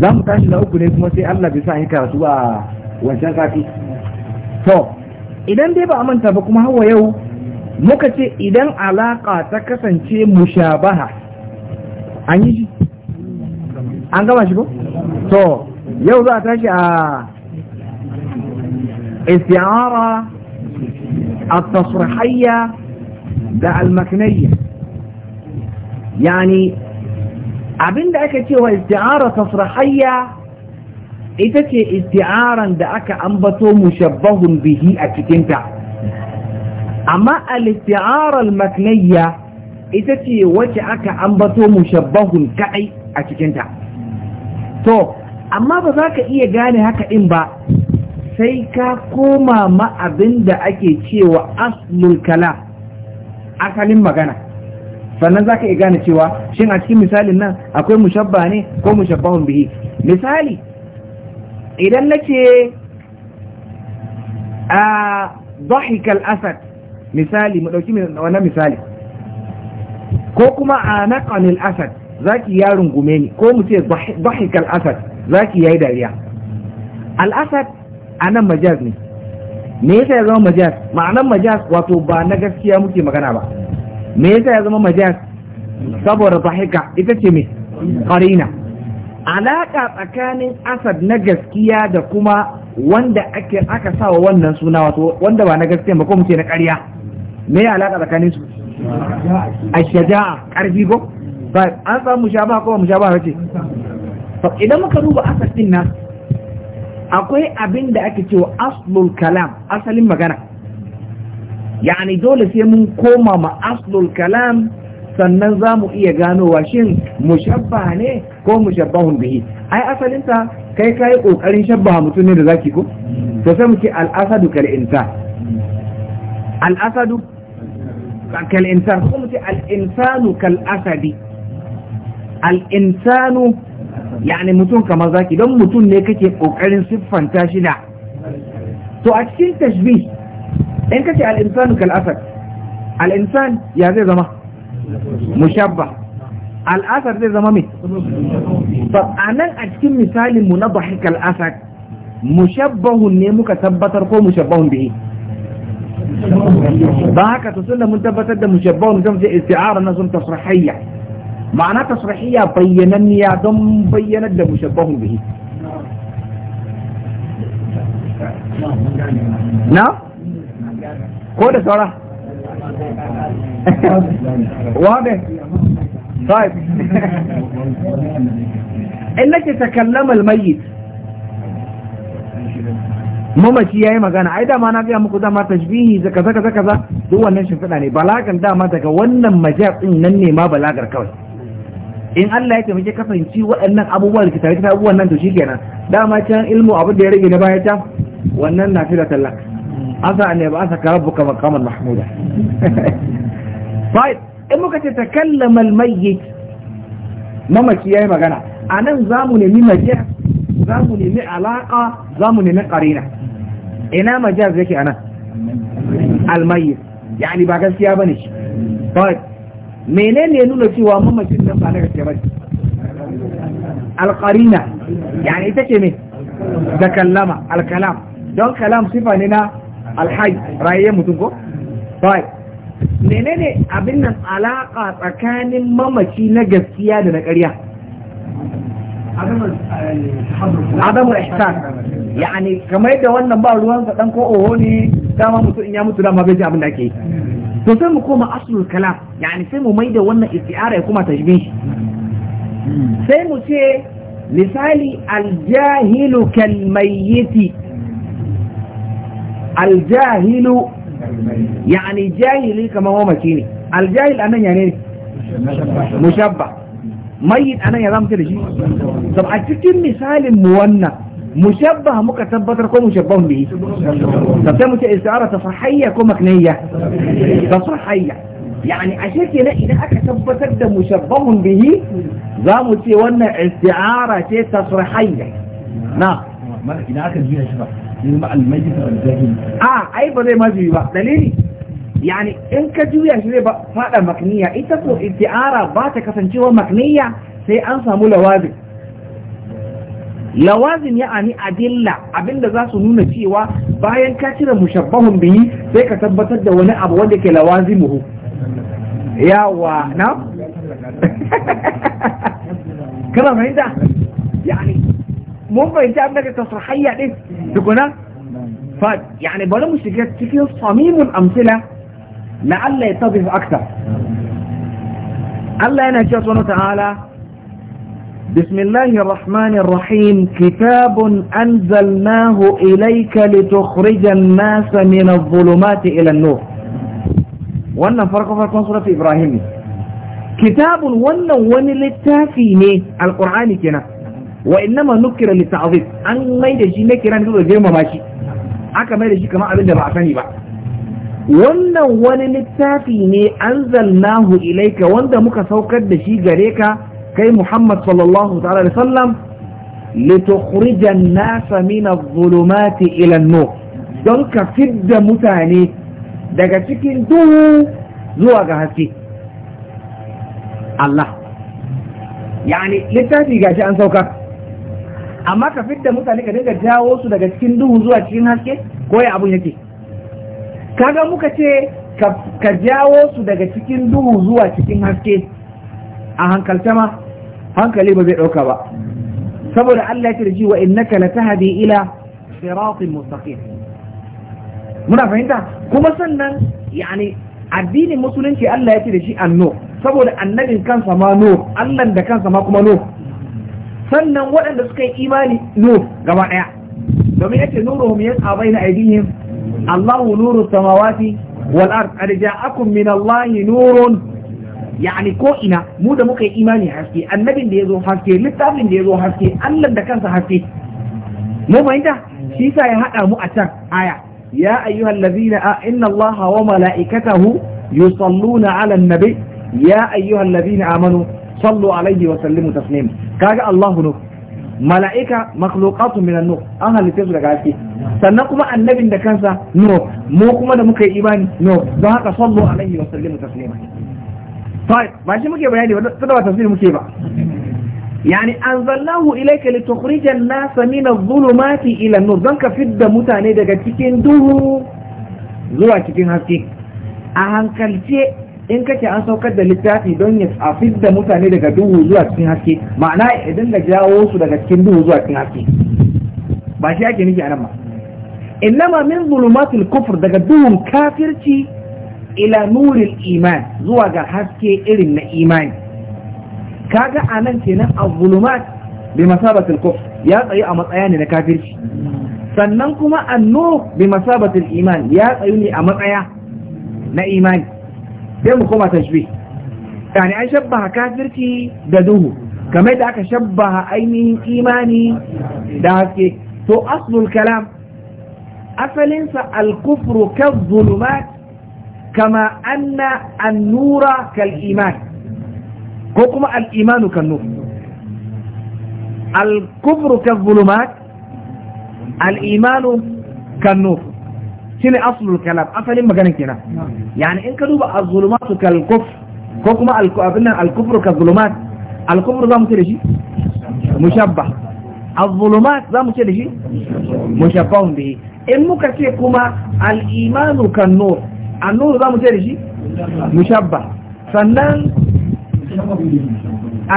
za mu tashi na uku ne kuma sai Allah bai sa yi karatu a wancan sati to idan dai ba a manta ba kuma hawa yau muka ce idan alaka ta kasance mushabaha an yi shi an gama shi ko to yau za a tashi a isti'ara التصريحية ده المكنية يعني abin da aka cewa isti'ara tasrahayya ita ce isti'aran da aka ambato mushabbahun bihi a cikinta amma al-isti'arar maknayya ita ce wacce aka ambato mushabbahun kadai a cikinta to amma ba za ka iya gane haka in ba sai ka koma ma abin da ake cewa aslul kala asalin magana sannan za ka iya gane cewa shin a cikin misalin nan akwai mushabba ne ko mushabbahun bihi misali idan na ce a dhahikal asad misali mu dauki wannan misali ko kuma a naqanil asad zaki ya rungume ni ko mu ce dhahikal asad zaki yayi dariya al asad nan majaz ne me yasa ya zama majaz ma'anar majaz wato ba na gaskiya muke magana ba me yasa ya zama majaz saboda dhahika ita ce me qarina alaka tsakanin asad na gaskiya da kuma wanda ake aka sawa wannan suna wato wanda ba na gaskiya ba ko mu ce na ƙarya me ya alaka tsakanin su ashaja'a ƙarfi ko ba an samu shaba ko mu shaba ce idan muka duba asad din nan akwai abin da ake cewa aslul kalam asalin magana yani dole sai mun koma ma aslul kalam sannan za mu iya ganowa shin mushabba ne ko mushabbahun bihi ai asalinta kai kayi kokarin shabbaha mutum ne da zaki ko to sai muke al'asadu kal insa al'asadu kal insa ko muke al insanu kal asadi yani mutum kamar zaki don mutum ne kake kokarin siffanta shi da to a cikin tashbi in kace al-insanu kal asad al-insan ya zai zama mushabba al-asad zai zama me fa anan a cikin misalin mu na dhahik al-asad mushabbahun ne muka tabbatar ko mushabbahun bihi ba haka to sunna mun tabbatar da mushabbahun kamar isti'ara na sun tasrihiyya ma'ana tasrihiyya bayyananniya don bayyanar da mushabbahun bihi na ko da saura wadda طيب انك تكلم الميت mamaci yayi magana ai dama na gaya muku dama tashbihi kaza kaza kaza duk wannan shimfiɗa ne balagan dama daga wannan majaz din nan ne ma balagar kawai in Allah ya taimake ka fahimci waɗannan abubuwan da kitare ta abubuwan nan to shikenan dama can ilmu abu da ya rage na baya ta wannan na fila talla asa an saka asa kama maqaman mahmuda fa'id in muka ce takallama al-mayyit mamaki yayi magana anan zamu nemi za zamu nemi za zamu nemi qarina ina majaz yake anan al ya yani ba gaskiya bane shi fa'id menene ya nuna cewa mamacin nan ba na gaske ba alƙarina yani ita ce ne da kallama alkalam don kalam sifa ne na alhaj rayayyen mutum ko bai menene abin nan alaƙa tsakanin mamaci na gaskiya da na ƙarya adamu eh, ihsan yani kamar yadda wannan ba sa dan ko oho ne dama mutum in ya mutu dama bai ji abin da ake yi to sai mu koma aslul kalam yani sai mu maida wannan isti'ara ya kuma tashbih sai mu ce misali aljahilu kalmayyiti aljahilu yani jahili kamar mamaci ne aljahil anan ya ne mushabba mayyit anan ya zama da shi to a cikin misalin mu wannan مشبه مكا تبتر كو مشبه به تبتر مكا استعارة تصحية كو مكنية تصحية يعني أشيك إلا إلا أكا تبتر دا مشبه به زامو تيوانا استعارة تصحية نعم إلا أكا جينا شبه ah ai ba zai maji ba dalili yani in ka juya shi zai fada makniya ita ko isti'ara ba ta kasancewa makniya sai an samu lawazi lawazin ya ani adilla abinda za su nuna cewa bayan ka cire mushabbahun biyi sai ka tabbatar da wani abu wanda ke lawazimuhu yawa na kana fahimta yani mun fahimta abin daga tasrahayya din tukuna fa yani bari mu shiga cikin samimun amsila la'alla ya tafi aktar Allah yana cewa subhanahu ta'ala بسم الله الرحمن الرحيم كتاب أنزلناه إليك لتخرج الناس من الظلمات إلى النور وانا فرقه فرق نصر في إبراهيم كتاب وانا وان للتافيني القرآن كنا وإنما نكر للتعظيم أن ما يجي ما نكرا نقول جيما ماشي أكا ما يدجي كما أبدا بعثاني بعد wannan wani littafi ne an zalna hu ilaika wanda muka saukar da shi gare ka kai Muhammad sallallahu ta'ala alaihi wasallam litukhrija an-nasa min adh-dhulumati ila an-nur don ka fidda mutane daga cikin duhu zuwa ga haske Allah yani littafi gashi an sauka amma ka fidda mutane ka dinga jawo su daga cikin duhu zuwa cikin haske ko ya abun yake kaga muka ce ka jawo su daga cikin duhu zuwa cikin haske a hankalta ma hankali ba zai ɗauka ba saboda Allah ya ce wa innaka latahdi ila siratin mustaqim muna fahimta kuma sannan yani addinin musulunci Allah ya ce da shi anno saboda annabin kansa ma no Allah da kansa ma kuma no sannan waɗanda suka yi imani no gaba ɗaya domin yace nuruhum yas'a baina aydihim Allahu nuru samawati wal ard qad ja'akum min Allahi nurun yani ko ina mu da muka yi imani haske annabin da ya zo haske littafin da ya zo haske allah da kansa haske mu fahimta shi sa ya haɗa mu a can aya ya ayyuhal ladina inna allaha wa mala'ikatahu yusalluna ala nabi ya ayyuhal ladina amanu sallu alaihi wa sallimu taslim kaga allahu nuh mala'ika makhluqatun minan nur an halitta su daga haske sannan kuma annabin da kansa nur mu kuma da muka yi imani nur don haka sallu alaihi wa sallimu taslima ba shi muke bayani ba tunda ba tafsiri muke ba yani anzalnahu ilayka litukhrija an-nasa min adh-dhulumati ila an-nur dan ka fidda mutane daga cikin duhu zuwa cikin haske a hankalce in kake an saukar da littafi don ya da mutane daga duhu zuwa cikin haske ma'ana idan da jawo su daga cikin duhu zuwa cikin haske ba shi ake nufi a nan ba innama min zulumatil kufr daga duhun kafirci ila nuril iman zuwa ga haske irin na imani kaga anan kenan az-zulumat bi masabatil ya tsayi a matsaya ne na kafirci sannan kuma an-nur bi masabatil iman ya tsayi ne a matsaya na imani sai mu koma tashbih yani an shabbaha kafirci da duhu kamar da aka shabbaha ainihin imani da haske to aslul kalam asalinsa al-kufru kadh-zulumat كما أن النور كالإيمان كما الإيمان كالنور الكفر كالظلمات الإيمان كالنور شنو أصل الكلام أصل ما كان كنا يعني إن كدوب الظلمات كالكفر كما الكفر كالظلمات الكفر ذا مثل شيء مشبه الظلمات ذا مثل شيء مشبه به إن ممكن كما الإيمان كالنور النور ده مجرد مشبه فنان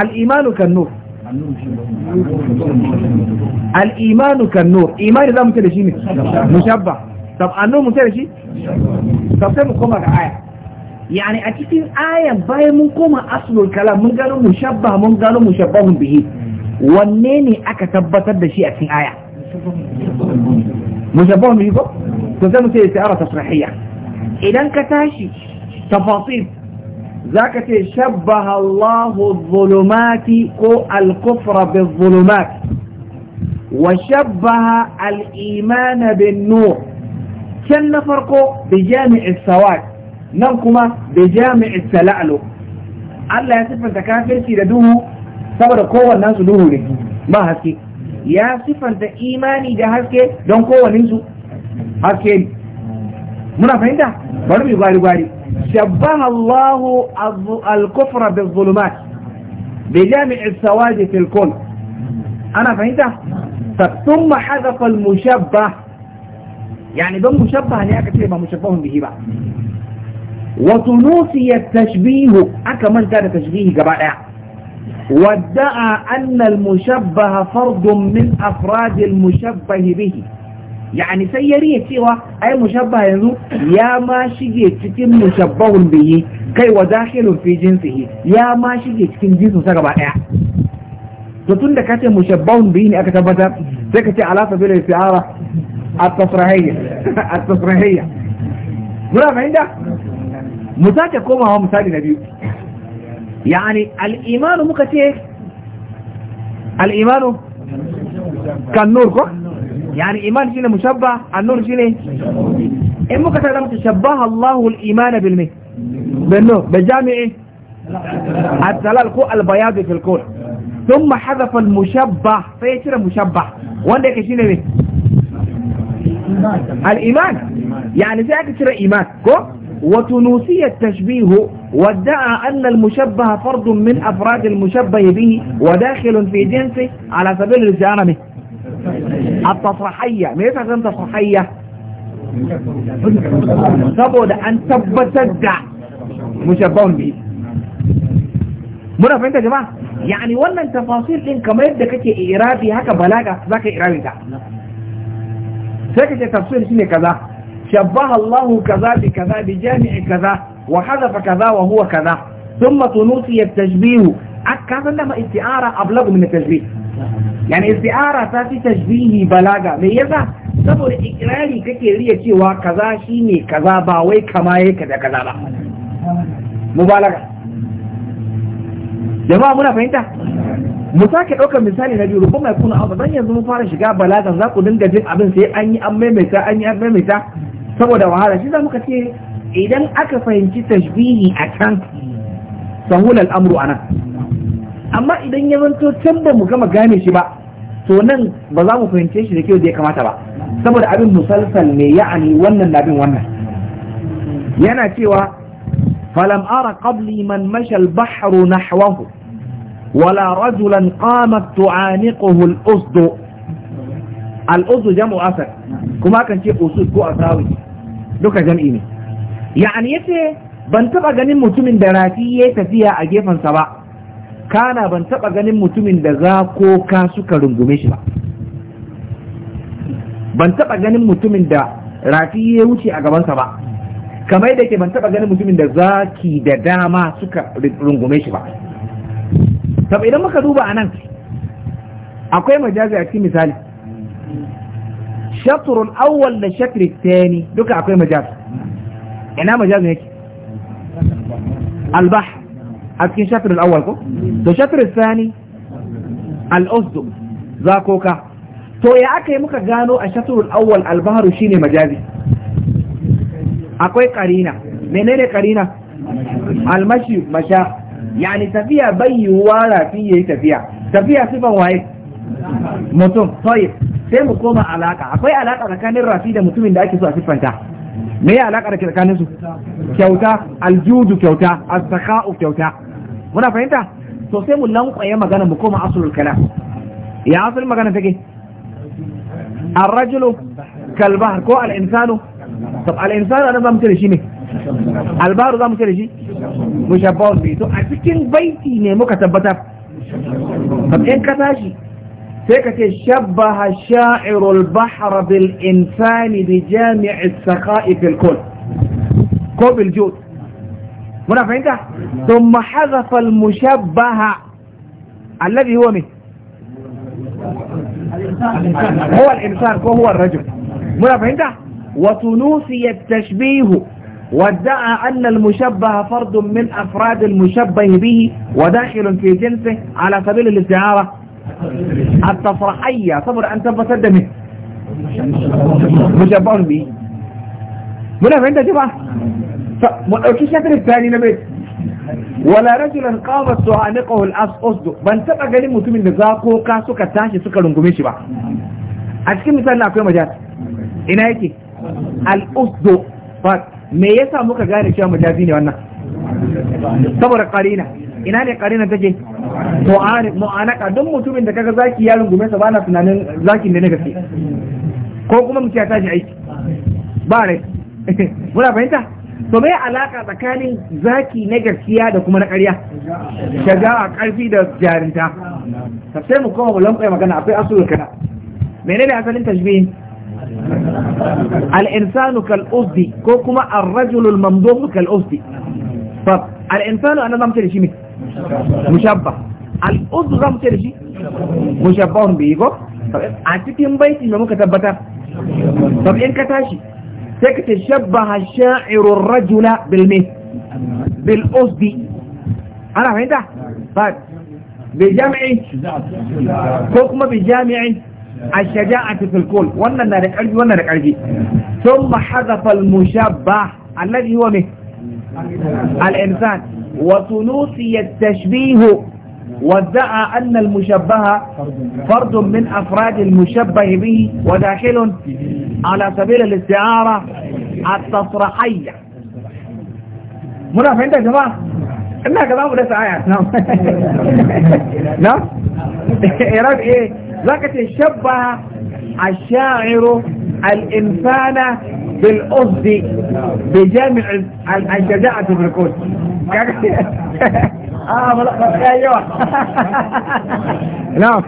الإيمان كالنور الإيمان كالنور إيمان ده مجرد مشبه طب النور مجرد طب سيب القمة كعاية يعني اكيد آية باية من قمة أصل الكلام من قالوا مشبه من قالوا مشبههم به والنيني أكتبت ده شيء أكيدين آية مشبههم به كنت سيب السيارة تصريحية idan ka tashi tafasir za ka ce shabbaha Allahu zulumati ko al-kufra bi zulumat wa shabbaha al'imana bin nur can na farko bi jami'i sawad nan kuma bi jami'i sala'lu Allah ya sifanta kafirci da duhu saboda kowannen su duhu ne ba haske ya sifanta imani da haske don kowannen su haske ne muna fahimta bari mu gwari gwari shabbaha Allah al-kufra bil-zulumat bi jami' al-sawad fi al-kun ana fahimta fa thumma hadafa al-mushabbah yani don mushabbah ne aka ce ba mushabbahun bihi ba wa tunusiya tashbihu aka manta da tashbihi gaba daya wadda'a anna al-mushabbaha fardun min afrad al-mushabbah bihi yani sai ya riya cewa ai mushabba yanzu ya ma shige cikin mushabbahun yi kai wa dakhilun fi jinsihi ya ma shige cikin jinsu sa gaba daya to tunda kace mushabbahun bihi ne aka tabbatar sai ka ce ala sabil isti'ara at-tasrahiyya at-tasrahiyya muna fahimta mu sake komawa misali na biyu yani al-imanu muka ce al-imanu kan nur ko يعني إيمان شنو مشبه النور شنة إما كتلم تشبه الله الإيمان بالمه بالنور بالجامع إيه؟ الثلالكو البياض في الكون ثم حذف المشبه فيشنة مشبه وانك شنة شنو الإيمان يعني فيك ترى إيمان وتنوسي التشبيه وادعى أن المشبه فرد من أفراد المشبه به وداخل في جنسه على سبيل الزيانة منه التصحية ميسا كان تصحية سبود أن تبتدع مشبهون بي مرافة انت جماعة يعني وانا التفاصيل لين كما يبدأ كتي إيرابي هكا بلاغة ذاك إيرابي ذاك سكتي تفصيل سيني كذا شبه الله كذا بكذا بجامع كذا وحذف كذا وهو كذا ثم تنوصي التشبيه اكثر لما استعارة أبلغ من التشبيه yani isti'ara ta fi tashbihi balaga me yasa saboda ikirari kake riya cewa kaza shine kaza ba wai kama yake da kaza ba mubalaga jama'a muna fahimta mu sake ɗaukar misali na biyu rubun mai kuna abu zan yanzu mu fara shiga balagan za ku dinga jin abin sai an yi an maimaita an yi an maimaita saboda wahala shi za muka ce idan aka fahimci tashbihi a can sahulal amru anan amma idan ya zanto can ba mu gama gane shi ba to nan ba za mu fahimce shi da kyau da ya kamata ba saboda abin musalsal ne ya'ani wannan da abin wannan yana cewa falam ara qabli man masha al-bahru nahwahu wala rajulan qamat tu'aniquhu al-usd al-usd jam'u asad kuma kan ce usud ko asawi duka jam'i ne ya'ani yace ban taba ganin mutumin da rafi yayi tafiya a gefansa ba kana ban taba ganin mutumin da za ko ka suka rungume shi ba ban taba ganin mutumin da rafi ya wuce a gabansa ba kamar da ke ban taba ganin mutumin da zaki da dama suka rungume shi ba saboda idan muka duba anan akwai majazi a cikin misali shatrun awwal da shatri tani duka akwai majazi ina majazi yake albahar a cikin shafirin awal ko to Shafir sani al'usdu za ko ka to ya aka yi muka gano a al awal albaharu shine majazi akwai karina menene karina almashi masha yani tafiya bai yiwuwa rafi yi tafiya tafiya sifan waye mutum sai mu koma alaka akwai alaka tsakanin rafi da mutumin da ake so a siffanta me ya alaƙa da tsakanin su kyauta aljudu kyauta as kyauta muna fahimta to sai mu lankwaye magana mu koma asulul kalam ya asul magana take ar-rajulu kal bahr ko al-insanu tab al-insanu ana zamu tare shi ne al-bahru zamu tare shi mushabbahun bi to a cikin baiti ne muka tabbata tab in ka tashi سيكتي شبه الشاعر البحر بالإنسان بجامع السخاء في الكل كوب الجود هنا فهمت ثم حذف المشبه الذي هو من هو الإنسان وهو الرجل هنا فهمت وتنوسي التشبيه وادعى أن المشبه فرد من أفراد المشبه به وداخل في جنسه على سبيل الاستعارة at-tasrahiyya saboda an tabbatar da me mushabbahun bi muna fahimta ji ba mu dauki shakar tani na bai wala rajulan qama suhaniqahu al-asqus ban taba ganin mutumin da zakoka suka tashi suka rungume shi ba a cikin misali akwai majal ina yake al-usdu me yasa muka gane cewa majazi ne wannan saboda karina ina ne karina take mu'anaka don mutumin da kaga zaki ya rungume sa bana tunanin zakin ne na gaske ko kuma mu ta ji aiki ba rai muna fahimta to me alaka tsakanin zaki na gaskiya da kuma na ƙarya shaga a ƙarfi da jarinta sai mu koma mu lamɓai magana akwai asulul kana menene asalin Ko tashbihin al كالأسد kal الرجل fa al-insanu anan ما shi ne. مشبه الأذن رام ترجي مشبه بيغو طب عاتتين بيتي ممو كتبتا طب إن كتاشي سكت شبه الشاعر الرجل بالمث بالاصدي أنا فهمت فات طيب. بجامع كوكما بجامع الشجاعة في الكل وانا نارك عرجي وانا نارك عرجي ثم حذف المشبه الذي هو مه الإنسان وثلوثي التشبيه وادعى أن المشبه فرد من أفراد المشبه به وداخل على سبيل الاستعارة التصرحية منا فهمت يا جماعة إنها كلام وليس آية نعم نعم إيراد إيه لكن شبه الشاعر الإنسان بالأصد بجامع الجزاء بالقصد اه ملخص ايوه نعم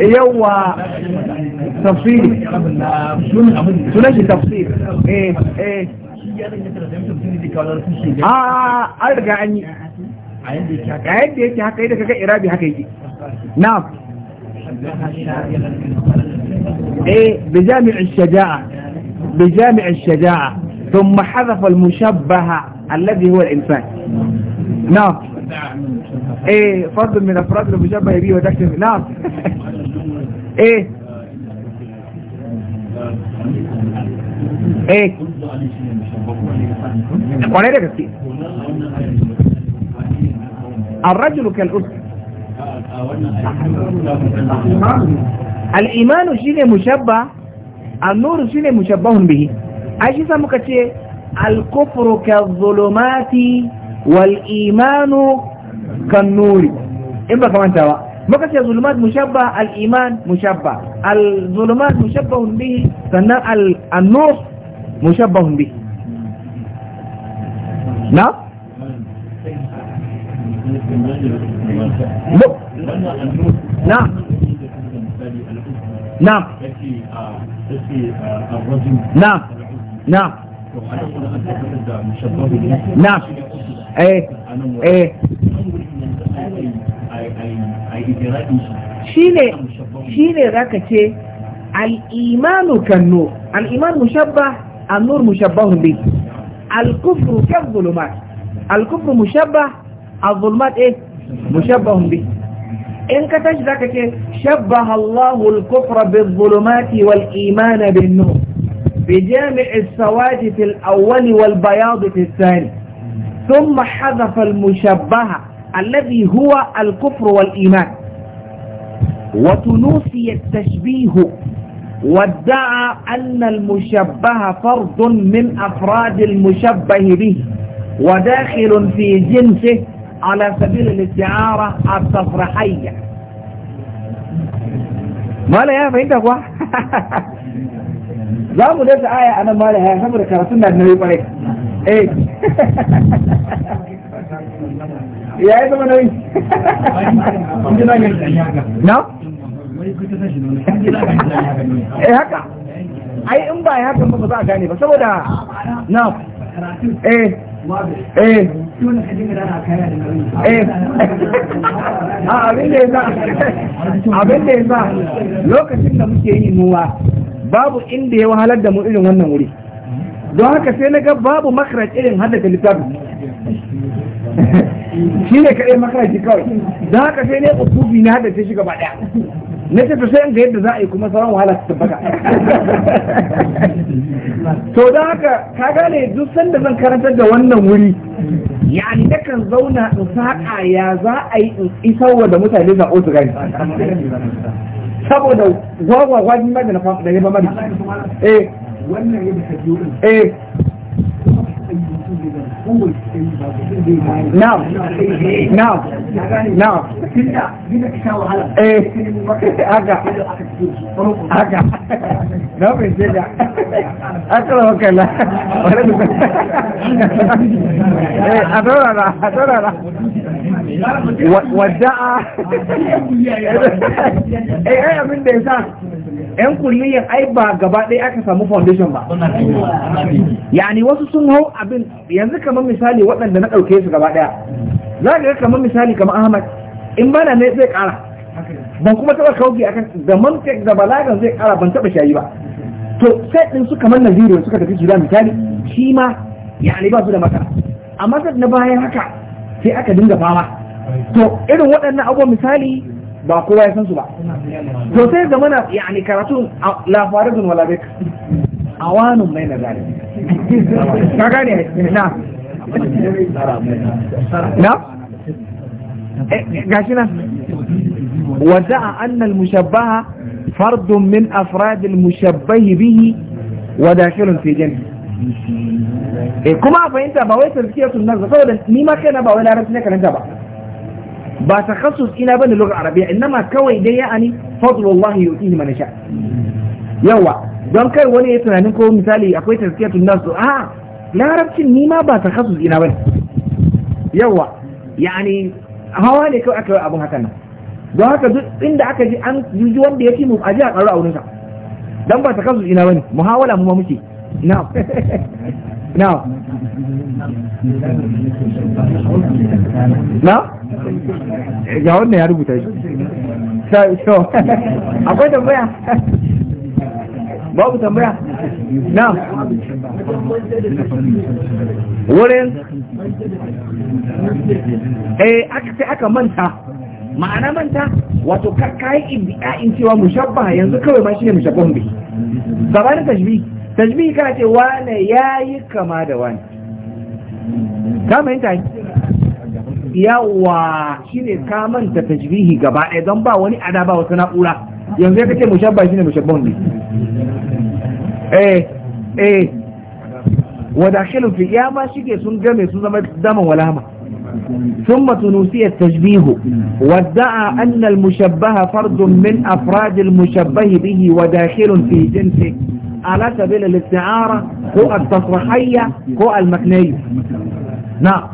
ايوه تفصيل ثلاثي تفصيل ايه ايه اه ارجع اني عندي هكا ايدك هكا ارابي هكا نعم ايه بجامع الشجاعة بجامع الشجاعة ثم حذف المشبه الذي هو الإنسان نعم ايه فرد من افراد المشبه به وتكتب نعم ايه ايه ولذلك كتير الرجل كالأسر al'imanu shi ne mushabba annuru shi ne mushabbahun bihi a shi sa muka ce alkufuru ka zulumati wal'imanu imanu kan nuri in ba kamanta ba muka ce zulumat mushabba al'iman mushabba al-zulumat mushabbahun bihi sannan al mushabba mushabbahun bihi na? na نعم آه، آه، نعم نعم نعم ايه ايه شيني شيني الايمان كالنور الايمان مشبه النور مشبه به الكفر كالظلمات الكفر مشبه الظلمات ايه مشبه به إن ka شبه الله الكفر بالظلمات والايمان بالنور بجامع السواد في الأول والبياض في الثاني ثم حذف المشبه الذي هو الكفر والإيمان وتنوسي التشبيه وادعى أن المشبه فرد من أفراد المشبه به وداخل في جنسه على سبيل الاستعارة التفرحية ما لا يا فهمت أخوة لا مدرس آية أنا ما لا يا حمر كرسلنا النبي بريك إيه يا إيه ما نبي نعم eh haka ai in ba ya haka ba za a gane ba saboda na eh eh, eh. Ah, abin da ya sa lokacin da muke yin noma babu inda ya wahalar da mu irin wannan wuri don haka sai na ga babu makaraj irin haddace littafi shi ne kaɗai makaraji kawai don haka sai ne ukubi na haddace shi gaba ɗaya na ce to sai ga yadda za a yi kuma sauran wahala su tabbata to don haka ka gane duk sanda zan karantar da wannan wuri ya ni kan zauna in saƙa ya za a yi in isarwa da mutane za su gani saboda gwagwagwa jin da na fama da ya ba da eh wannan yadda ka biyo eh na'am na'am na'am eh haka haka na bai ce da akala wakala wani duka eh a dorara a dorara wadda'a eh abin da ya yan kulliyan ai ba gaba ɗaya aka samu foundation ba yani wasu sun hau abin yanzu kamar misali waɗanda na ɗauke su gaba ɗaya za ga kamar misali kamar ahmad in bana ne zai ƙara ban kuma taɓa kauki akan da mantek da balagan zai ƙara ban taɓa shayi ba to sai ɗin su kamar najeriya suka tafi sudan misali shi ma yani ba su da matsala amma na bayan haka sai aka dinga fama to irin waɗannan abubuwan misali ba kowa ya san su ba to sai ga mana yani karatu la faridun wala bik awanun mai nazari ka gane na na eh, gashi nan wadda'a anna al-mushabbaha fardun min afrad al-mushabbahi bihi wada dakhilun fi jannah eh, kuma a fahimta ba wai tazkiyatun nas ba saboda ni ma kaina ba wai larabci ne karanta ba ba takhasus ina ba bane lugha arabiya inma kawai dai ya'ani ya yu'tihi man sha. yawa don kai wani ya tunanin ko misali akwai tazkiyatun nasu a larabcin ni ma ba takhasus ina ba bane yawa yani hawa ne kawai aka yi abun hakan nan don haka duk inda aka ji an ji wanda ya fi mu aji a karu a wurinsa Don ba takhasus ina ba bane muhawala mu ma muke na na ya ga wannan ya rubuta shi so akwai tambaya babu tambaya na wurin eh aka aka manta ma'ana manta wato karkayi in cewa mushabba yanzu kawai ma shi shine mu bi gabanin tashbih tajmihi kana ce wane yi kama da wani ka ta yawa shine ka manta tajmihi gaba ɗaya don ba wani ada ba wata na'ura yanzu ya kace mushabba shine mushabbahun ne eh eh wadakhilun fi ya ma shige sun game sun zama daman walama ثم تنوسي التشبيه وادعى أن المشبه فرد من أفراد المشبه به وداخل في جنسه على سبيل الاستعارة هو التصريحية هو المكنية نعم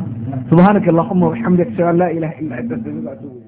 سبحانك اللهم وبحمدك اشهد ان لا اله الا انت استغفرك واتوب